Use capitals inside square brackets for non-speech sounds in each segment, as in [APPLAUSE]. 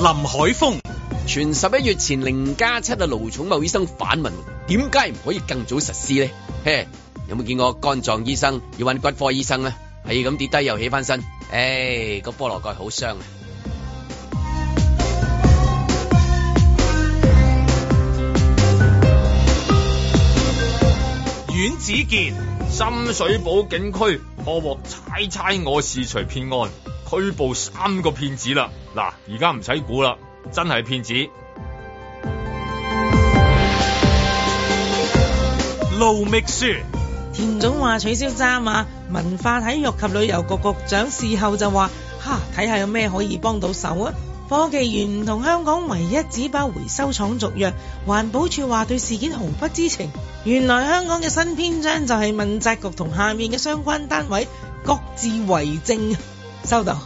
林海峰，全十一月前，凌家七嘅盧寵茂醫生反問，點解唔可以更早實施呢？嘿、hey，有冇見過肝臟醫生要揾骨科醫生呢？係咁跌低又起翻身，誒、欸，個菠蘿蓋好傷啊！阮子健，深水埗警區破獲，猜猜我是誰？騙案。拘捕三個騙子啦！嗱，而家唔使估啦，真係騙子。路密書田總話取消渣馬，文化體育及旅遊局局長事後就話，哈，睇下有咩可以幫到手啊！科技園唔同香港唯一紙包回收廠續約，環保署話對事件毫不知情。原來香港嘅新篇章就係問責局同下面嘅相關單位各自為政。收到，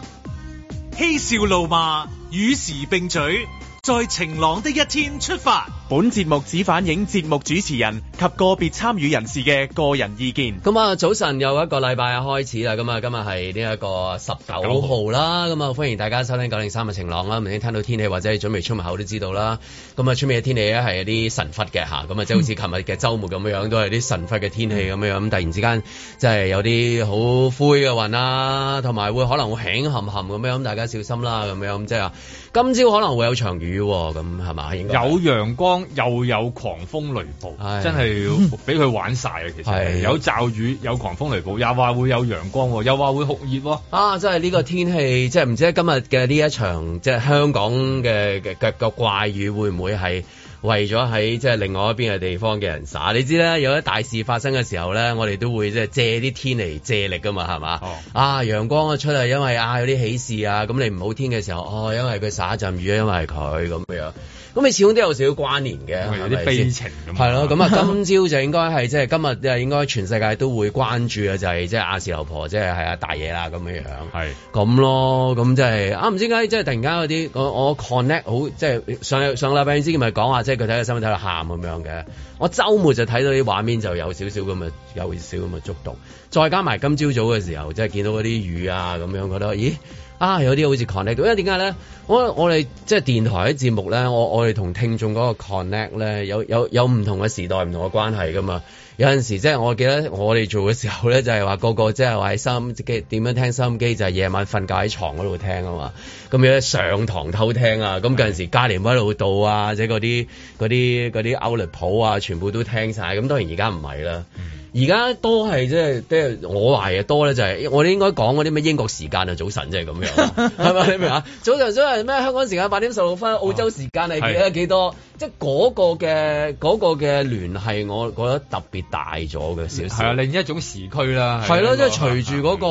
嬉笑怒罵與時並舉，在晴朗的一天出發。本節目只反映節目主持人及個別參與人士嘅個人意見。咁啊，早晨又一個禮拜開始啦，咁啊，今日係呢一個十九號啦。咁啊號，歡迎大家收聽九零三日晴朗啦。咁已聽到天氣或者係準備出門口都知道啦。咁啊，出面嘅天氣咧係一啲神忽嘅吓，咁啊即係好似琴日嘅周末咁樣樣， [LAUGHS] 都係啲神忽嘅天氣咁樣樣。咁突然之間即係有啲好灰嘅雲啦，同埋會可能會輕冚冚咁樣，咁大家小心啦咁樣。咁即係話今朝可能會有場雨，咁係嘛？有陽光。又有狂風雷暴。啊、真係要俾佢玩晒啊！其實、啊、有驟雨，有狂風雷暴，又話會有陽光，又話會酷熱啊！啊真係呢個天氣，即係唔知今日嘅呢一場即係香港嘅嘅個怪雨會唔會係為咗喺即係另外一邊嘅地方嘅人灑？你知啦，有啲大事發生嘅時候咧，我哋都會即係借啲天嚟借力噶嘛，係嘛？哦、啊，陽光啊出嚟，因為啊有啲喜事啊，咁你唔好天嘅時候，哦，因為佢灑一陣雨，因為佢咁樣。咁你始終都有少少關聯嘅，有啲悲情咁。係咯，咁啊，今朝就應該係即係今日，應該全世界都會關注嘅就係即係亞視老婆，即係係啊大爺啦咁樣樣。係咁是咯，咁即係啊，唔知點解即係突然間嗰啲我，我 connect 好，即係上上禮拜先咪講下，即係佢睇個新聞睇到喊咁樣嘅。我週末就睇到啲畫面，就有少少咁嘅有少少咁嘅觸動。再加埋今朝早嘅時候，即係見到嗰啲雨啊咁樣，覺得咦～啊，有啲好似 connect，因為點解咧？我我哋即係電台啲節目咧，我我哋同聽眾嗰個 connect 咧，有有有唔同嘅時代、唔同嘅關係噶嘛。有陣時即係我記得我哋做嘅時候咧，就係話個個即係話喺收音機點樣聽收音機，就係夜晚瞓覺喺床嗰度聽啊嘛。咁有啲上堂偷聽啊，咁有陣時加連威老道啊，或者嗰啲嗰啲嗰啲歐力普啊，全部都聽晒。咁當然而家唔係啦。嗯而家都係即係即係我話嘅多咧，就係、是、我哋、就是、應該講嗰啲咩英國時間啊，早晨即係咁樣，係咪？ [LAUGHS] 你明啊？早晨，早晨咩？香港時間八點十六分，澳洲時間係幾多？幾多？即係嗰個嘅嗰個嘅聯繫我覺得特別大咗嘅少少。係啊，另一種時區啦。係咯，即係、就是、隨住嗰個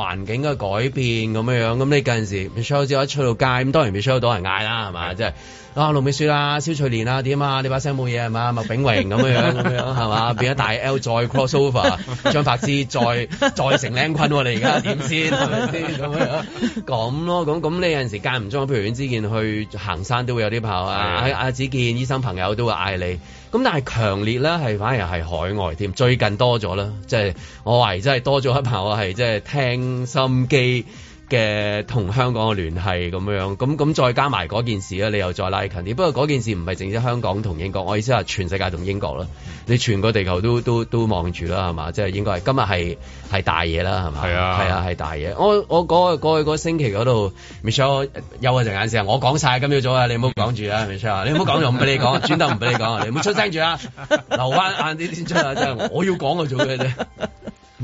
環境嘅改變咁樣、嗯、樣，咁、嗯、你近時唔小心，我一出到街咁，當然 show 到人嗌啦，係嘛？即係的。就是啊，盧美雪啦，蕭翠蓮啊，點啊，啊？你把聲冇嘢係嘛？麥炳榮咁樣樣，咁 [LAUGHS] 樣係嘛？變咗大 L 再 crossover，張柏芝再再成靚坤，啊，你而家點先？係咪先？咁 [LAUGHS] 樣咁咯，咁咁你有陣時間唔中，譬如之見去行山都會有啲炮的啊！阿、啊、阿子健醫生朋友都會嗌你。咁但係強烈咧，係反而係海外添，最近多咗啦。即、就、係、是、我懷疑真係多咗一炮，啊，係即係聽心機。嘅同香港嘅聯繫咁樣，咁咁再加埋嗰件事咧，你又再拉近啲。不過嗰件事唔係淨止香港同英國，我意思係全世界同英國咯。你全個地球都都都望住啦，係嘛？即係應該係今日係係大嘢啦，係嘛？係啊，係啊，係大嘢。我我過去、嗰個嗰個星期嗰度，Michelle 有啊隻眼先。我講晒今朝早啊，你唔好講住啊，Michelle，你唔好講就唔俾你講，轉頭唔俾你講，你唔好出聲住啊， [LAUGHS] 留翻晏啲先出啊，即係我要講啊做咩啫。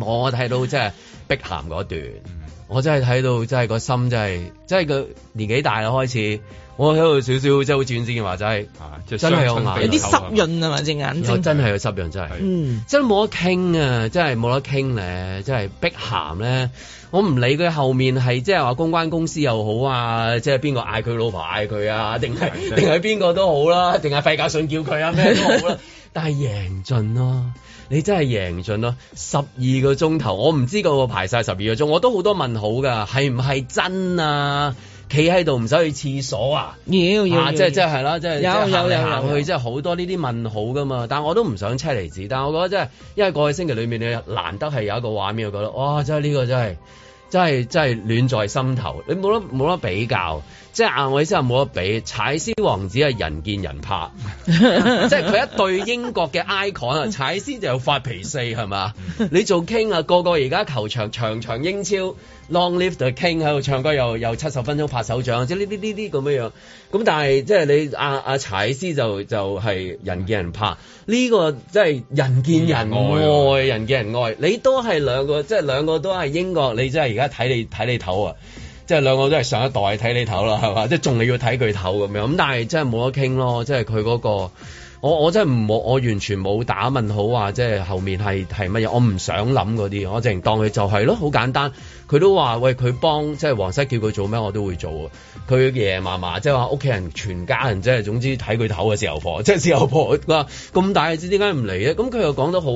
我睇到即係。碧咸嗰段，嗯、我真係睇到，真係個心真、就、係、是，真係佢年紀大啦開始，我喺度少少，真係好轉先話真係我眼有啲濕潤啊嘛，隻眼睛，我真係個濕潤真係，真冇的、嗯、得傾啊，真係冇得傾咧、啊，真係碧咸咧，我唔理佢後面係即係話公關公司又好啊，即係邊個嗌佢老婆嗌佢啊，定係定係邊個都好啦、啊，定係費格信叫佢啊咩都好啦、啊， [LAUGHS] 但係贏盡咯。你真係贏盡咯！十二個鐘頭，我唔知個排晒十二個鐘，我都好多問號㗎，係唔係真啊？企喺度唔使去廁所啊？要要，要啊、即係有即係係啦，即係有行來有有去，即係好多呢啲問號㗎嘛！但係我都唔想車釐子，但係我覺得真係，因為過去星期裏面你難得係有一個畫面，我覺得哇！真係呢、呢個真係真係真係暖在心頭，你冇得冇得比較。即係阿我意思係冇得比，踩絲王子係人見人怕， [LAUGHS] 即係佢一對英國嘅 icon 啊，踩絲就有發脾氣係嘛？ [LAUGHS] 你做 king 啊，個個而家球場場場英超 long live king 喺度唱歌又又七十分鐘拍手掌，即係呢啲呢啲咁樣樣。咁但係即係你阿阿踩絲就就係、是、人見人怕，呢、這個即係人見人愛，嗯、人見人愛。嗯、你都係兩個，即、就、係、是、兩個都係英國，你真係而家睇你睇你頭啊！即係兩個都係上一代睇你頭啦，係嘛？即係仲你要睇佢頭咁樣，咁但係真係冇得傾咯，即係佢嗰個。我我真係冇，我完全冇打問號話，即係後面係係乜嘢？我唔想諗嗰啲，我淨係當佢就係咯，好簡單。佢都話：喂，佢幫即係黃生叫佢做咩，我都會做。佢爺爺嫲嫲即係話屋企人全家人即係總之睇佢頭嘅時候婆，即係時候婆。佢話咁大隻，點解唔嚟咧？咁佢又講得好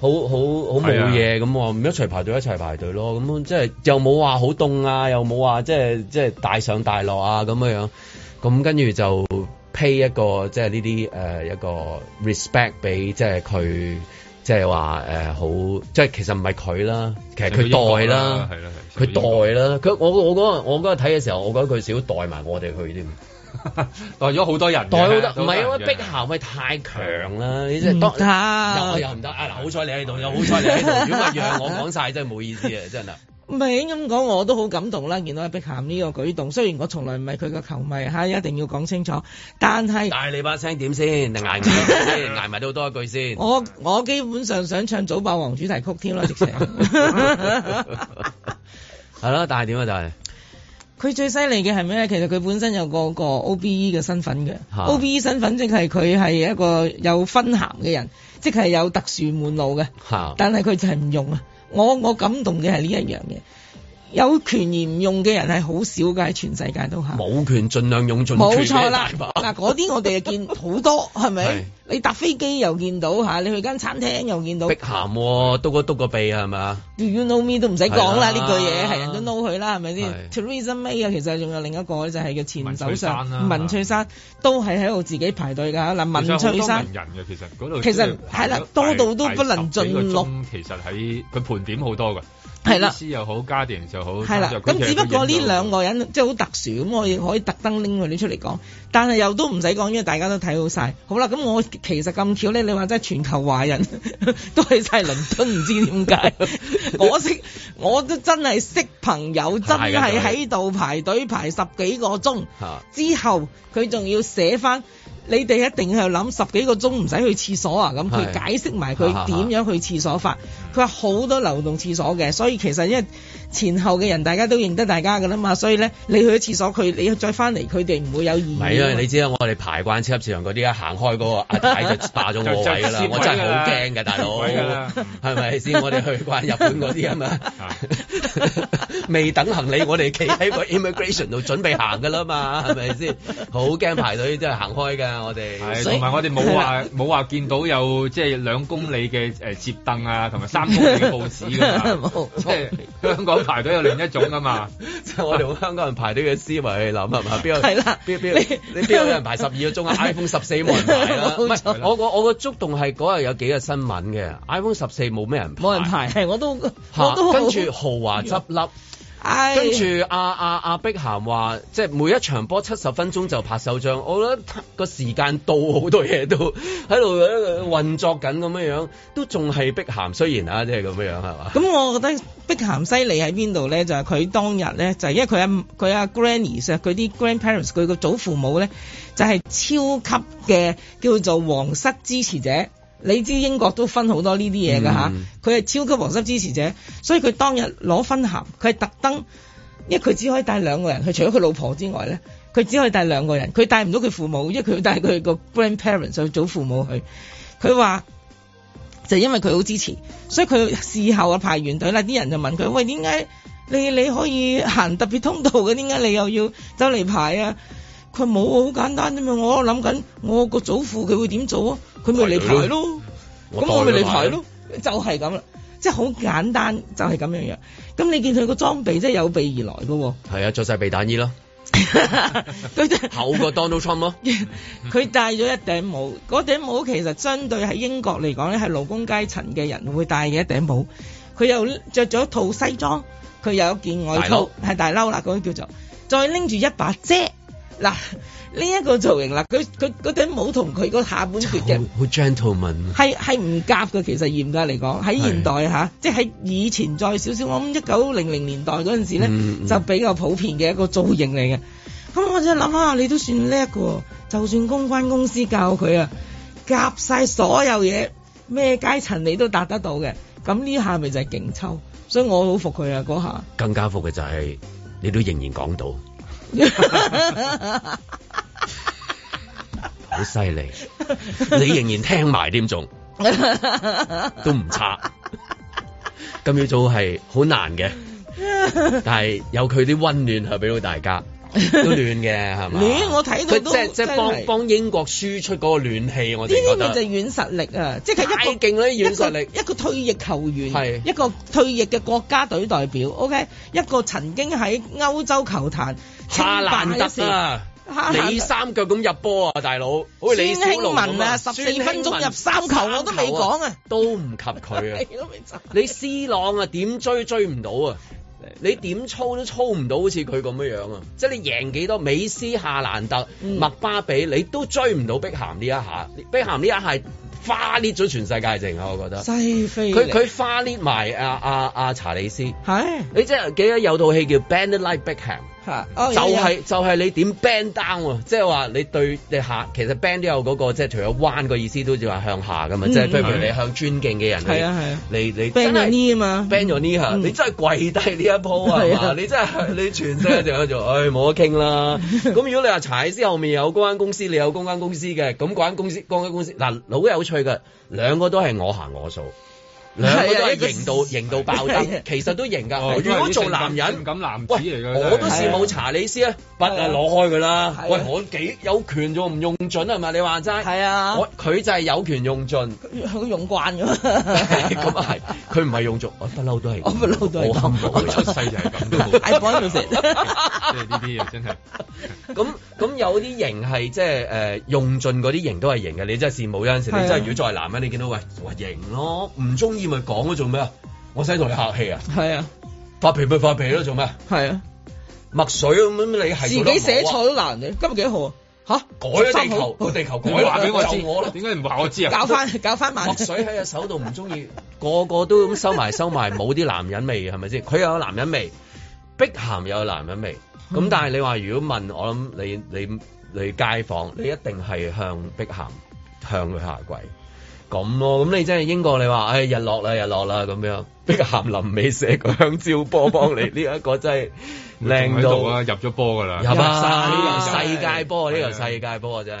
好好好冇嘢咁喎，咁話一齊排隊一齊排隊咯。咁即係又冇話好凍啊，又冇話即係即係大上大落啊咁樣樣。咁跟住就。pay 一個即係呢啲誒一個 respect 俾即係佢即係話誒好即係其實唔係佢啦，其實佢代啦，佢代啦。佢的我我嗰個我嗰日睇嘅時候，我覺得佢少代埋我哋去添， [LAUGHS] 代咗好多人，代好多。唔係因為碧咸咪太強啦！你真係當怕又又唔得啊！嗱，好彩你喺度，又好彩你喺度。 [LAUGHS] 如果唔係讓我講曬真係冇意思啊！真係。唔係咁講，我都好感動啦！見到阿碧鹹呢個舉動，雖然我從來唔係佢個球迷，嚇一定要講清楚。但係大你把聲點 [LAUGHS] 先？捱埋先，捱埋多多一句先。 [LAUGHS] 我我基本上想唱《早霸王》主題曲添啦，直情。係咯，但係點啊？但係佢最犀利嘅係咩咧？其實佢本身有個個 O B E 嘅身份嘅、啊、，O B E 身份即係佢係一個有分咸嘅人，即係有特殊門路嘅。但係佢就係唔用啊。我我感動嘅係呢一樣嘢。有權而唔用嘅人係好少㗎，喺全世界都係。冇權，盡量用盡。冇錯啦，嗱嗰啲我哋見好多，係咪？你搭飛機又見到，你去間餐廳又見到。碧咸喎，篤個篤個鼻係咪啊？Do you know me 都唔使講啦，呢句嘢係人都 know 佢啦，係咪先？Theresa May 啊，其實仲有另一個就係叫前首相。文翠珊，都係喺度自己排隊㗎。嗱，文翠珊。其實係啦，多到都不能盡錄。其實喺佢盤點好多㗎。係啦，公司又好，家庭就好，係啦的。咁只不過呢兩個人即係好特殊，咁我亦可以特登拎佢哋出嚟講。但係又都唔使講，因為大家都睇好晒。好啦，咁我其實咁巧咧，你話真係全球華人都喺晒倫敦，唔 [LAUGHS] 知點解？ [LAUGHS] 我識我都真係識朋友，真係喺度排隊排十幾個鐘之後，佢仲要寫翻。你哋一定係諗十幾個鐘唔使去廁所啊！咁佢解釋埋佢點樣去廁所法。佢話好多流動廁所嘅，所以其實因為。前後嘅人大家都認得大家噶啦嘛，所以咧你去咗廁所佢，你再翻嚟佢哋唔會有意義。係因、啊、你知道我哋排慣超級市場嗰啲啊，行開嗰個阿太就霸咗我位噶 [LAUGHS] 啦，我真係好驚㗎，大佬係咪先？我哋去慣日本嗰啲啊嘛， [LAUGHS] 啊 [LAUGHS] 未等行李我哋企喺個 immigration 度準備行噶啦嘛，係咪先？好驚排隊真係行開噶，我哋係。同埋是以我哋冇話冇話見到有即係兩公里嘅誒折凳啊，同埋三公里報紙即係香港。排隊有另一種㗎嘛，即係我哋好香港人排隊嘅思維諗啊嘛，邊有？係啦，邊邊你邊有人排十二個鐘啊？iPhone 十四冇人排啦，唔係 [LAUGHS] 沒錯 我我我個觸動係嗰日有幾個新聞嘅 iPhone 十四冇咩人冇人排，人排我都我都跟住豪華執笠。唉 跟住阿阿阿碧咸話，即係每一場波七十分鐘就拍手掌，我覺得個時間到好多嘢都喺度運作緊咁樣樣，都仲係碧咸雖然啊，即係咁樣樣係嘛？咁我覺得碧咸犀利喺邊度咧？就係、是、佢當日咧，就係、是、因為佢阿佢阿 Granny 佢啲 grandparents，佢個祖父母咧就係、是、超級嘅叫做皇室支持者。你知英國都分好多呢啲嘢㗎。佢係、嗯啊、超級王室支持者，所以佢當日攞分行。佢係特登，因為佢只，只可以帶兩個人，佢除咗佢老婆之外咧，佢只可以帶兩個人，佢帶唔到佢父母，因為佢要帶佢個 grandparents，去祖父母去。佢話就是、因為佢好支持，所以佢事後啊排完隊啦，啲人就問佢：喂，點解你你可以行特別通道嘅？點解你又要走嚟排啊？佢冇，好簡單啫嘛！我諗緊，我個祖父佢會點做啊？佢咪嚟排咯，咁我咪嚟排咯，就係咁啦，即係好簡單，就係咁樣樣。咁你見佢個裝備，即係有備而來㗎喎。係啊，着晒避彈衣咯，佢真係厚過 Donald Trump 咯。佢戴咗一頂帽，嗰 [LAUGHS] 頂帽其實針對喺英國嚟講咧，係勞工階層嘅人會戴嘅一頂帽。佢又着咗套西裝，佢又有一件外套係大褸褲啦，嗰啲叫做，再拎住一把遮。嗱呢一個造型啦，佢佢嗰頂帽同佢個下半截嘅，好 gentleman，係係唔夾嘅。其實嚴格嚟講，喺現代吓是、啊，即係喺以前再少少，我諗一九零零年代嗰陣時咧，嗯、就比較普遍嘅一個造型嚟嘅。咁、嗯嗯、我就諗下，你都算叻喎，就算公關公司教佢啊，夾晒所有嘢，咩階層你都達得到嘅。咁呢下咪就係勁抽，所以我好服佢啊嗰下。更加服嘅就係、是、你都仍然講到。 [LAUGHS] [LAUGHS] 好犀利！你仍然聽埋點，仲都唔差。咁要 [LAUGHS] 做係好難嘅， [LAUGHS] 但係有佢啲溫暖係俾到大家，都暖嘅係嘛？咦 [LAUGHS] 吧我睇到都即係即係幫幫英國輸出嗰個暖氣。我哋覺得呢啲咪就軟實力啊！即係太勁嗰軟實力一，一個退役球員，係是一個退役嘅國家隊代表。O、okay? K.，一個曾經喺歐洲球壇夏蘭特啊，啊你三腳咁入波啊，大佬！孫興文啊，十四分鐘入三球，我都未講啊，啊，都唔及佢啊！ [LAUGHS] [LAUGHS] 你 C 朗啊，點追追唔到啊！ [LAUGHS] 你點操都操唔到，好似佢咁樣樣啊！即係你贏幾多，美斯、夏蘭特、麥、嗯、巴比，你都追唔到碧咸呢一下。碧咸呢一下花裂咗全世界淨啊！我覺得西非，佢佢花裂埋阿阿阿查理斯，係 [LAUGHS] 你即係記得有套戲叫《Bend It Like Beckham 就係就係你點 ban down，即係話你對你下，其實 ban 都有嗰個即係除咗彎個意思，都似話向下噶嘛，即係譬如你向尊敬嘅人嚟嚟嚟，真係呢嘛，ban 咗呢下，你真係跪低呢一鋪啊，你真係你全職就喺度唉冇得傾啦。咁如果你話柴師後面有公關公司，你有公關公司嘅咁嗰間公司公關公司，嗱好有趣噶，兩個都係我行我素。係啊，兩個都係型到型到爆燈，其實都型噶。如果做男人，唔敢男子嚟噶，我都羨慕查理斯啊，筆攞開噶啦。喂，我幾有權用唔用盡啊？係咪？你話齋。係啊。佢就係有權用盡，佢用慣咗。咁啊係，佢唔係用盡，我不嬲都係。我不嬲都係。好坎出世就係咁，都冇嗰時。呢啲嘢真係。咁咁有啲型係即係誒用盡嗰啲型都係型嘅，你真係羨慕。有陣時你真係如果再係男人，你見到喂我型咯，唔中意。你咪講咗做咩？我使同你客氣是啊？係啊，發脾咪發脾咯，做咩？係啊，墨水咁，你係自己寫錯都難嘅，啊。今日幾號啊？吓？改地球，個地球唔會話俾我知。我啦，點解唔話我知啊？搞翻搞翻墨水喺隻手度，唔中意個個都咁收埋收埋，冇啲 [LAUGHS] 男人味係咪先？佢有男人味，碧鹹有男人味。咁、嗯、但係你話如果問我諗，你你你街坊，你一定係向碧鹹向佢下跪。咁咯，咁你真係英國，你話，唉，日落啦，日落啦，咁樣，碧鹹林尾射個香蕉波幫你，呢一個真係靚到入咗波噶啦，有啊，呢個世界波，呢個世界波真係。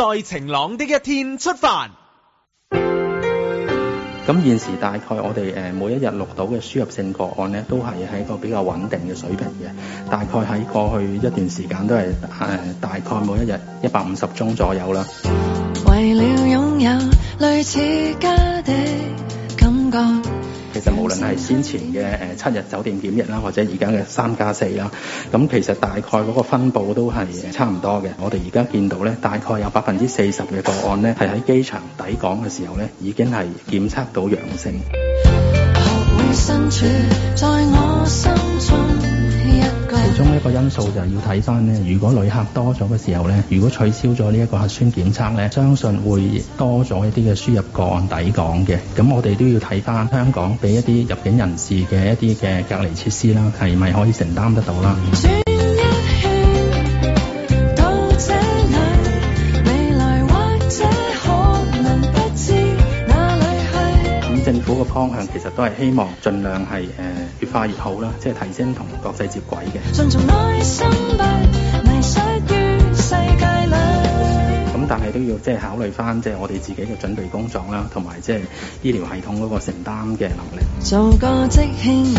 在晴朗的一天出發。咁現時大概我哋每一日錄到嘅輸入性個案呢，都係喺一個比較穩定嘅水平嘅，大概喺過去一段時間都係、呃、大概每一日一百五十宗左右啦。為了擁有類似家嘅感覺。其實無論係先前嘅誒七日酒店檢疫啦，或者而家嘅三加四啦，咁其實大概嗰個分佈都係差唔多嘅。我哋而家見到咧，大概有百分之四十嘅個案咧，係喺機場抵港嘅時候咧，已經係檢測到陽性。學會咁其中一個因素就係要睇翻咧，如果旅客多咗嘅時候咧，如果取消咗呢一個核酸檢測咧，相信會多咗一啲嘅輸入個案抵港嘅。咁我哋都要睇翻香港俾一啲入境人士嘅一啲嘅隔離設施啦，係咪可以承擔得到啦？方向其實都係希望盡量係誒越快越好啦，即係提升同國際接軌嘅。咁但係都要即係考慮翻即係我哋自己嘅準備工作啦，同埋即係醫療系統嗰個承擔嘅能力。做個即興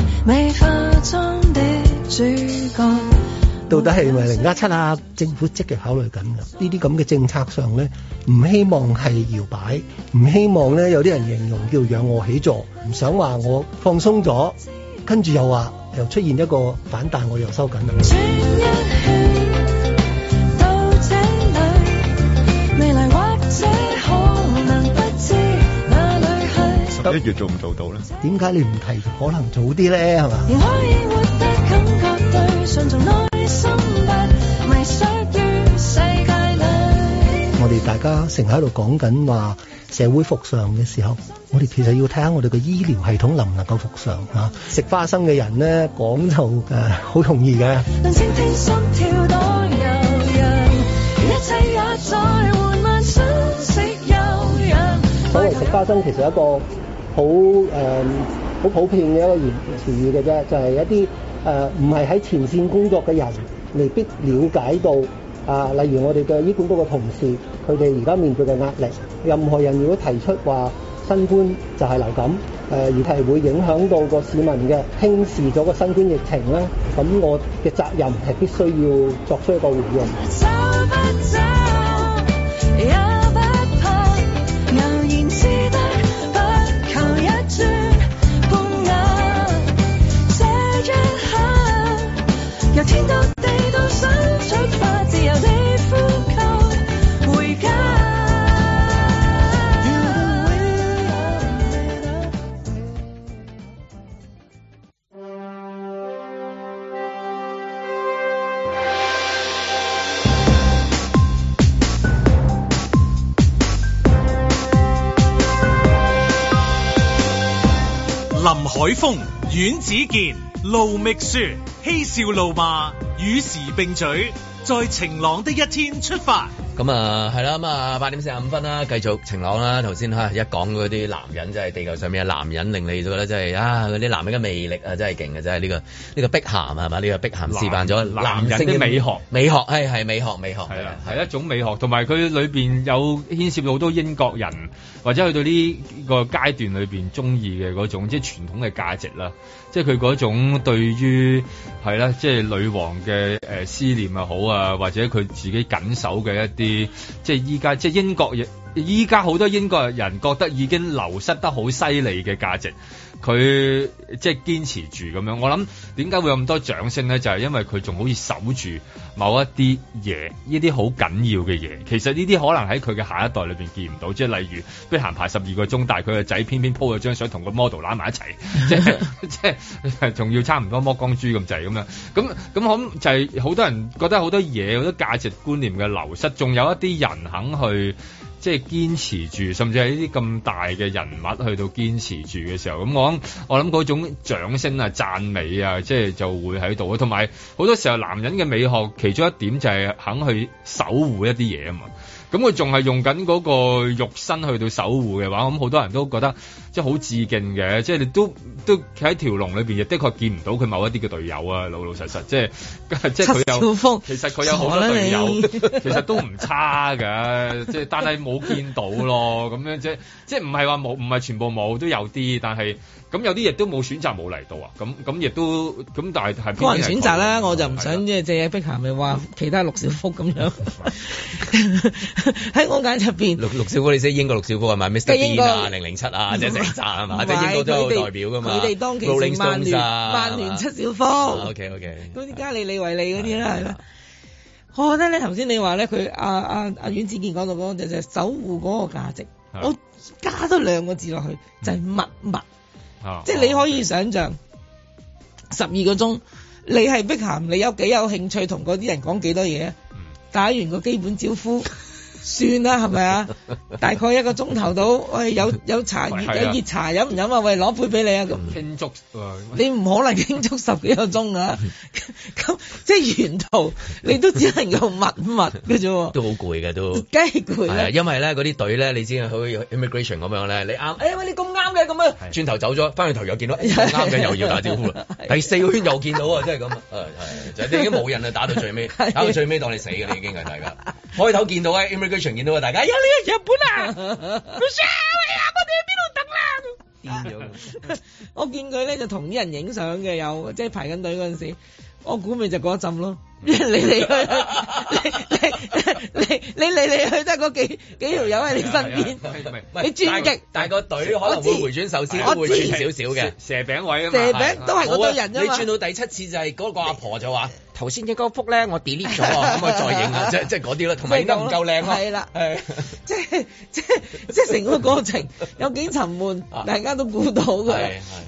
到底係咪零加七啊？政府積極考慮緊㗎，呢啲咁嘅政策上咧，唔希望係搖擺，唔希望咧有啲人形容叫仰臥起坐，唔想話我放鬆咗，跟住又話又出現一個反彈，我又收緊去十一月做唔做到咧？點解 [LAUGHS] 你唔提可能早啲咧？係嘛？ [LAUGHS] 我哋大家成日喺度講緊，話社會復常嘅時候，我哋其實要睇下我哋嘅醫療系統能唔能夠復常啊？食花生嘅人咧，講就誒好、啊、容易嘅。所謂食花生，其實係一個好誒好普遍嘅一個言詞語嘅啫，就係、是、一啲誒唔係喺前綫工作嘅人。未必瞭解到啊，例如我哋嘅醫管局嘅同事，佢哋而家面對嘅壓力。任何人如果提出話新冠就係流感，誒而係會影響到個市民嘅，輕視咗個新冠疫情啦，咁我嘅責任係必須要作出一個回應。走唔走？林海峰、阮子健、盧覓雪、嬉笑怒罵，與時並舉，在晴朗的一天出發。咁啊，係啦、嗯，咁、嗯、啊八點四十五分啦，繼續晴朗啦。頭先吓一講嗰啲男人，即係地球上面嘅男人，令你覺得真係啊嗰啲男人嘅魅力啊，真係勁啊，真係呢、這個呢、這個碧咸啊，係嘛？呢、這個碧咸示範咗男，男，男人嘅美，美，美學，美學，係係美學，美學係啦，係一種美學，同埋佢裏邊有牽涉到好多英國人或者去到呢個階段裏邊中意嘅嗰種即係傳統嘅價值啦，即係佢嗰種對於係啦，即係女王嘅誒思念啊好啊，或者佢自己緊守嘅一啲。即係依家，即係英國亦。依家好多英國人覺得已經流失得好犀利嘅價值，佢即係堅持住咁樣。我諗點解會有咁多掌聲咧？就係因為佢仲好似守住某一啲嘢，呢啲好緊要嘅嘢。其實呢啲可能喺佢嘅下一代裏面見唔到，即係例如如行排十二個鐘，但係佢個仔偏偏鋪咗張相同個 model 攬埋一齊，即係即係仲要差唔多剝光豬咁滯咁樣，咁咁咁，就係好多人覺得好多嘢好多價值觀念嘅流失，仲有一啲人肯去。即係堅持住，甚至係呢啲咁大嘅人物去到堅持住嘅時候，咁我諗，我諗嗰種掌聲啊、讚美啊，即係就會喺度。同埋好多時候，男人嘅美學其中一點就係肯去守護一啲嘢啊嘛。咁佢仲係用緊嗰個肉身去到守護嘅話，咁好多人都覺得。即係好致敬嘅，即係你都都喺條龍裏邊，又的確見唔到佢某一啲嘅隊友啊，老老實實。即係即係佢有，其實佢有好多隊友，下 [LAUGHS] 其實都唔差㗎。 [LAUGHS] 即係但係冇見到咯，咁樣即係即唔係話冇，唔係全部冇，都有啲。但係咁有啲亦都冇選擇冇嚟到啊。咁咁亦都咁，但係係個人選擇啦、啊。我就唔想即係借碧鹹咪話其他六小福咁樣。喺我眼入邊，六六小福，你識英國六小福係咪 Mr. Bean 啊、零零七啊？嗯渣係 [LAUGHS] 是嘛？即係最多都代表㗎嘛。高領都唔曼聯七小福、啊，OK OK。嗰啲加利利維利嗰啲啦，係啦、啊。吧我覺得咧，頭先你話咧，佢阿阿阮子健講到嗰個就係守護嗰個價值。的我加多兩個字落去，嗯、就係密密」啊。即係你可以想像，十二個鐘，你係碧咸，你有幾有興趣同嗰啲人講幾多嘢？嗯、打完個基本招呼。算啦，係咪啊？大概一個鐘頭到，喂，有有茶，有熱茶飲唔飲啊？喂，攞杯俾你啊！傾足，你唔可能傾足十幾個鐘啊！咁即係沿途你都只能夠密密嘅啫，都好攰嘅都，梗係攰啦。因為咧嗰啲隊咧，你知啊，好似 immigration 咁樣咧，你啱，哎喂，你咁啱嘅咁樣轉頭走咗，翻去頭又見到啱嘅，又要打招呼，第四個圈又見到啊，即係咁啊，就你已經冇人啊，打到最尾，打到最尾當你死嘅你已經係大家開頭見到，常見到大家有呢 [LAUGHS] 日本啊， [LAUGHS] [LAUGHS] 我哋喺邊度等啊？癲咗！我見佢咧就同啲人影相嘅，有即係、就是、排緊隊嗰陣時我估咪就嗰一陣咯。你嚟去，你你你你嚟嚟去都係嗰幾幾條友喺你身邊。你轉極，但係個隊可能會回轉，首先會轉少少嘅蛇餅位啊嘛。蛇餅都係嗰個人。你轉到第七次就係嗰個阿婆就話：頭先嘅嗰幅咧，我 delete 咗。可唔可以再影啊？即即係嗰啲咯，同埋影得唔夠靚咯。係啦，即即即成個過程有幾沉悶，大家都估到佢。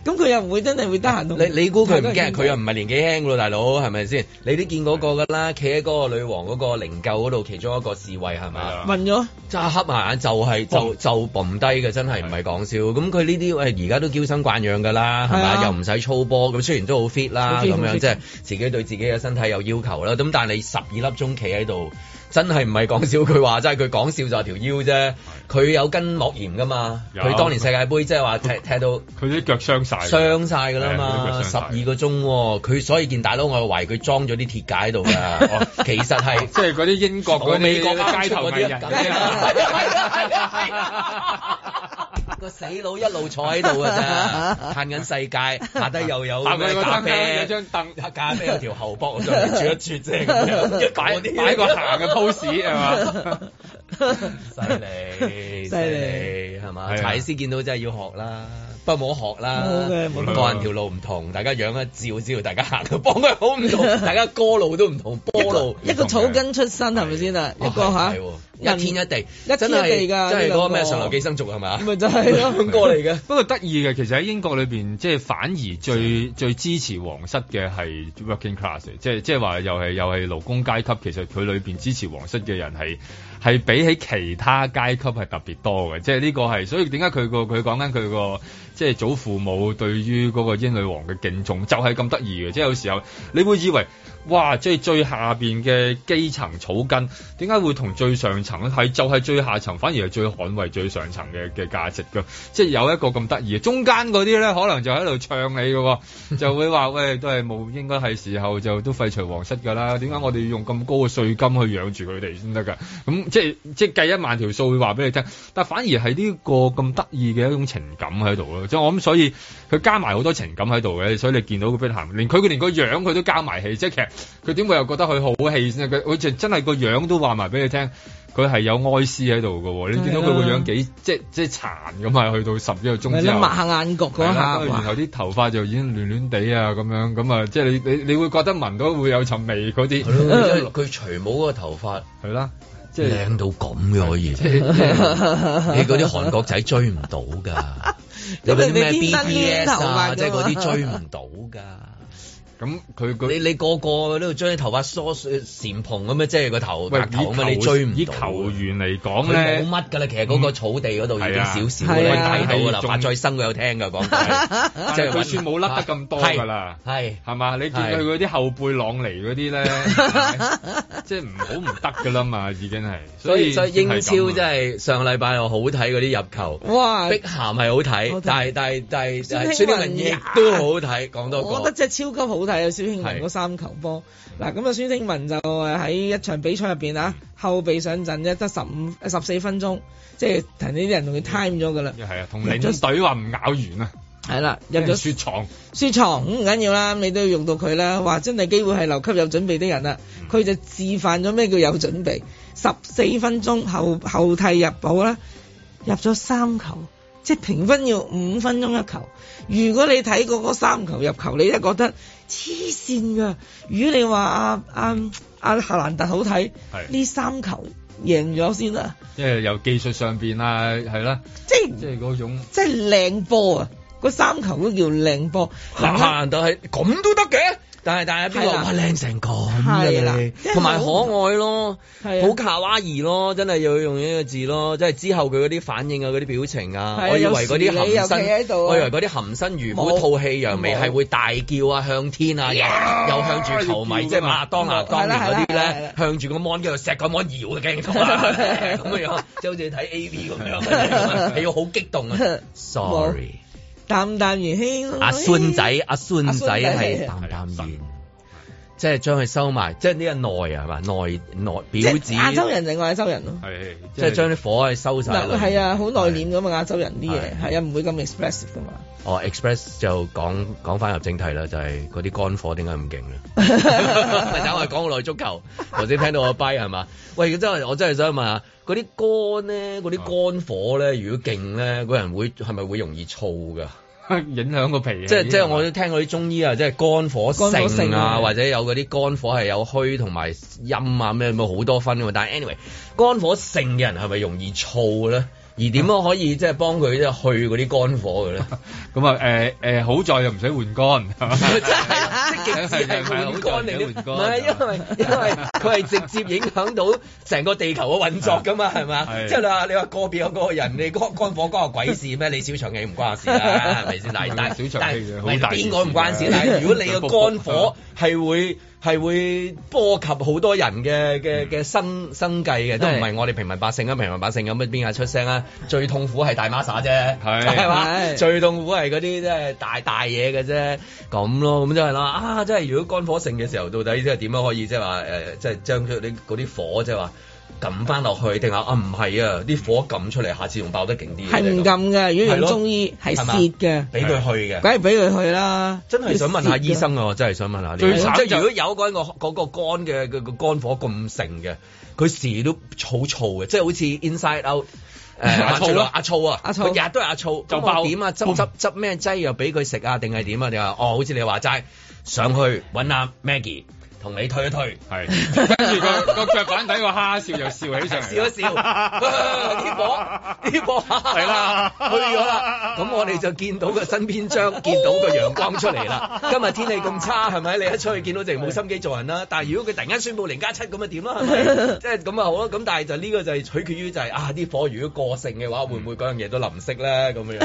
咁佢又唔會真係會得閒到。你你估佢唔驚？佢又唔係年紀輕噶咯，大佬係咪先？你都見過。個噶啦，企喺嗰個女王嗰個靈柩嗰度，其中一個侍衛係咪？暈咗，即係黑埋眼就係、就、就就冚低嘅，真係唔係講笑。咁佢呢啲係而家都嬌生慣養噶啦，係咪，的又唔使操波，咁雖然都好 fit 啦，咁樣即係自己對自己嘅身體有要求啦。咁但係你十二粒鐘企喺度。真係唔係講笑，佢話真係佢講笑就係條腰啫。佢有根膜炎㗎嘛？佢有當年世界盃即係話踢踢到，佢啲腳傷曬，傷曬㗎啦嘛。十二個鐘、哦，佢所以見大佬，我懷疑佢裝咗啲鐵架喺度㗎。其實係即係嗰啲英國嗰啲，我美國嘅些街頭嗰啲人。係啊係個死佬一路坐喺度㗎啫，嘆緊世界，下低又有啲咖啡，有張凳，咖啡有條後膊喺度住一住啫，咁樣，擺個擺個行嘅 pose 係嘛，犀利犀利係嘛，踩師見到真係要學啦。不冇學啦，每個人條路唔同，大家樣一照照，大家行都幫佢好唔同，大家哥路都唔同，波路一個草根出身係咪先啊？英國吓，一天一地，一准係即係嗰咩上流寄生族係咪啊？咪就係兩過嚟嘅。不過得意嘅，其實喺英國裏邊，即係反而最最支持皇室嘅係 working class，即係即係話又係又係勞工階級。其實佢裏邊支持皇室嘅人係。係比起其他階級係特別多嘅，即係呢個係。所以點解佢個佢講緊佢個，即係祖父母對於嗰個英女王嘅敬重就係咁得意嘅，即係有時候你會以為。哇！即係最下面嘅基層草根，點解會同最上層？係就係最下層，反而係最捍衞最上層嘅嘅價值嘅。即係有一個咁得意，中間嗰啲咧，可能就喺度唱起嘅喎，就會話：喂，都係冇應該係時候就都廢除皇室㗎啦。點解我哋要用咁高嘅稅金去養住佢哋先得㗎？咁即係即係計一萬條數，會話俾你聽。但反而係呢個咁得意嘅一種情感喺度咯。即我諗，所以佢加埋好多情感喺度嘅，所以你見到佢佢連個樣佢都加埋戲，即佢點會又覺得佢好氣先啊？佢好似真係個樣都話埋俾你聽，佢係有哀思喺度㗎喎。啊、你見到佢個樣幾即即殘咁啊？去到十一個鐘之後，抹下眼角嗰下，然後啲頭髮就已經亂亂地呀。咁、啊啊、樣咁呀，即係你，你，你會覺得聞到會有層味嗰啲，佢佢除冇嗰個頭髮係啦，靚、啊就是、到咁嘅可以，就是、 [LAUGHS] 你嗰啲韓國仔追唔到㗎， [LAUGHS] 有啲咩 B B S 啊，即係嗰啲追唔到㗎。 [LAUGHS] 咁佢你你個個都將啲頭髮梳成綿蓬咁樣，即係個頭頭咁你追唔到。球員嚟講咧冇乜噶啦，其實嗰個草地嗰度已經少少啦，睇到噶啦，髮再生佢有聽噶講，即係算冇甩得咁多噶啦。係係嘛？你見佢嗰啲後背郎嚟嗰啲咧，即係唔好唔得噶啦嘛，已經係。所以英超真係上禮拜又好睇嗰啲入球，哇！碧咸係好睇，但係但係但係孫興慜亦都好睇，講多個，我覺得超級好睇。係啊，孫興文嗰三球波嗱，咁啊孫興文就喺一場比賽入邊啊，嗯、後備上陣啫，得十五十四分鐘，即係同呢啲人同佢 time 咗噶啦。係啊、嗯，同你一隊話唔咬完啊。係了啦，入咗雪藏。雪藏唔緊要啦，你都要用到佢啦。話真係機會係留給有準備的人啦。佢、嗯、就示範咗咩叫有準備？十四分鐘後後替入補啦，入咗三球。即係平均要五分鐘一球，如果你睇過個三球入球，你就覺得黐線㗎。如果你話阿阿阿夏蘭特好睇，呢是三球贏咗先啦。即係由技術上面。啊，係啦、啊，即係是即嗰種，即係靚波啊！嗰三球都叫靚波。夏蘭特係咁都得嘅。但係，但係有啲個哇靚成咁嘅喇？同埋可愛囉，好卡哇伊囉，真係要用呢個字囉。即係之後佢嗰啲反應啊，嗰啲表情啊，我以為嗰啲含身，我以為嗰啲含身如虎吐氣揚眉係會大叫啊，向天啊，又又向住球迷，即係馬當下當年嗰啲呢，向住個 mon 機度錫個 mon 搖嘅鏡頭啊，咁樣，即係好似睇 AV 咁樣，係要好激動啊。Sorry。淡淡而輕，啊、嗯、孫仔，嘿阿孫仔係嘿淡淡然。即係將佢收埋，即係呢個內啊，係咪？內內表子。亞洲人定亞洲人咯，即係將啲火氣收曬。嗱係啊，好內斂㗎嘛、啊、亞洲人啲嘢，係啊唔、啊、會咁 expressive 㗎嘛。哦，express 就講講翻入正題啦，就係嗰啲肝火點解咁勁咧？咪走去講內足球，我或者聽到我個 bye 係嘛？喂，真係我真係想問下，嗰啲肝呢，嗰啲肝火呢，如果勁呢，嗰人會係咪會容易燥噶？ [LAUGHS] 影響個脾，即係即係我都聽過啲中醫啊，即係肝火盛啊，火盛啊或者有嗰啲肝火係有虛同埋陰啊咩咁，好多分㗎嘛。但係 anyway，肝火盛嘅人係咪容易燥咧？而點樣可以即係幫佢即係去嗰啲肝火嘅咧？咁啊誒好在又唔使換肝，係咪？真係積極治療換肝嚟唔係因為因為佢係直接影響到成個地球嘅運作㗎嘛？係咪？即係你話個別有個人你肝肝火關個鬼事咩？你小腸氣嘅唔關事啦，係咪先？但係小腸氣係好大，邊個唔關事？但係如果你嘅肝火係會。係會波及好多人嘅嘅嘅生生計嘅，都唔係我哋平民百姓啊！是的 平民百姓有咩邊下出聲啊？最痛苦係大孖沙啫，係嘛？最痛苦係嗰啲即係大大嘢嘅啫，咁咯，咁即係啦。啊，即係如果肝火盛嘅時候，到底即係點樣可以即係話誒，即係將咗啲嗰啲火即係話。撳翻落去定嚇啊？唔係啊，啲火撳出嚟，下次用爆得勁啲。係唔撳嘅，如果用中醫係泄嘅，俾佢去嘅，梗係俾佢去啦。真係想問下醫生啊！我真係想問下啲，即係如果有嗰個肝嘅個肝火咁盛嘅，佢時都燥燥嘅，即係好似 inside out 誒阿醋啊阿醋啊，佢日日都係阿醋。就爆點啊？執執執咩劑藥俾佢食啊？定係點啊？你話哦，好似你話齋上去揾阿 Maggie。同你推一推，係跟住佢個腳板底個哈笑又笑起上嚟，笑一笑啲火啲火係啦，去咗啦。咁我哋就見到個新篇章，見到個陽光出嚟啦。今日天氣咁差，係咪你一出去見到就冇心機做人啦？但如果佢突然間宣布零加七咁，咪點？咪即係咁啊，好啦。咁但係就呢個就係取決於就係啊啲火，如果過盛嘅話，會唔會嗰樣嘢都淋熄咧？咁樣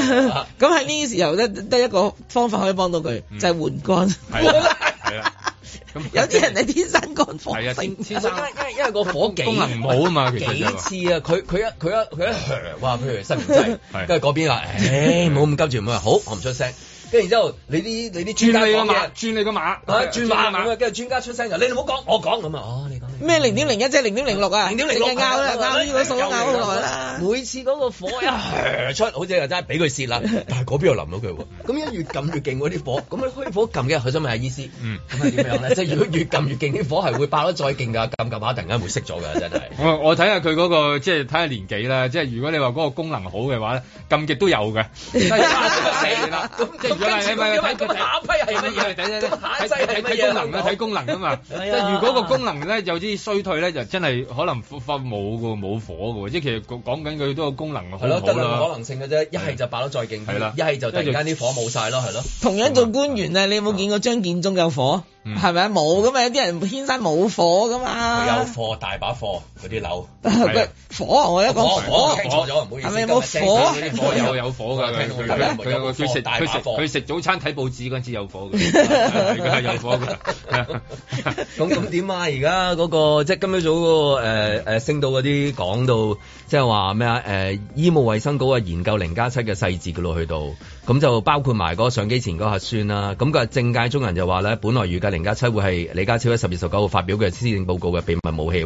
咁喺呢啲時候咧，得一個方法可以幫到佢，就係換乾係啦。就是、有啲人係天生肝火，係啊，天生。因為因為個火勁唔好啊嘛，其實、就是、幾次啊，佢佢一佢一佢一話，譬如嚟失唔濟，跟住嗰邊話，誒、啊，唔好咁急住，唔好，話好，我唔出聲。跟住然之後，你啲你啲專家講嘢，轉你個馬轉你個馬，嚇，啊、對轉馬，跟住專家出聲，你唔好講，我講咁啊，哦，你講。咩零點零一即係零點零六啊？零點零六拗啦，拗依個數拗好耐啦。每次嗰個火一出，好似又真係俾佢泄啦。但係嗰邊又淋咗佢喎。咁一越撳越勁嗰啲火，咁咧虛火撳嘅，佢想問下醫師，嗯，點樣咧？即係如果越撳越勁，啲火係會爆得再勁㗎，撳撳下突然間會熄咗㗎，真係。我睇下佢嗰個即係睇下年紀啦。即係如果你話嗰個功能好嘅話咧，撳極都有嘅。即係係咁，下批係乜嘢？係睇功能睇功能嘛。即係如果個功能咧有啲衰退咧就真係可能忽忽冇嘅，冇火嘅，即係其實講講緊佢都有功能係咯，得個可能性嘅啫，一係了就爆得再勁，係啦了，一係就突然間啲火冇晒咯，係咯。同樣做官員咧，啊、你有冇見過張建宗有火？嗯係咪啊？冇咁嘛，有啲人天生冇火。噶嘛。有貨大把貨，嗰啲樓。火我一講。火火。係咪冇？火嗰啲火有有火噶。佢佢佢食佢佢食早餐睇報紙嗰陣時有火嘅。係有火嘅。咁咁點啊？而家嗰個即係今朝早個誒誒升到嗰啲講到即係話咩啊？誒，醫務衛生局啊研究零加七嘅細節嘅咯，去到。咁就包括埋嗰上機前嗰核酸啦，咁佢話政界中人就話咧，本來預計零加七會係李家超喺十月十九號發表嘅施政報告嘅秘密武器，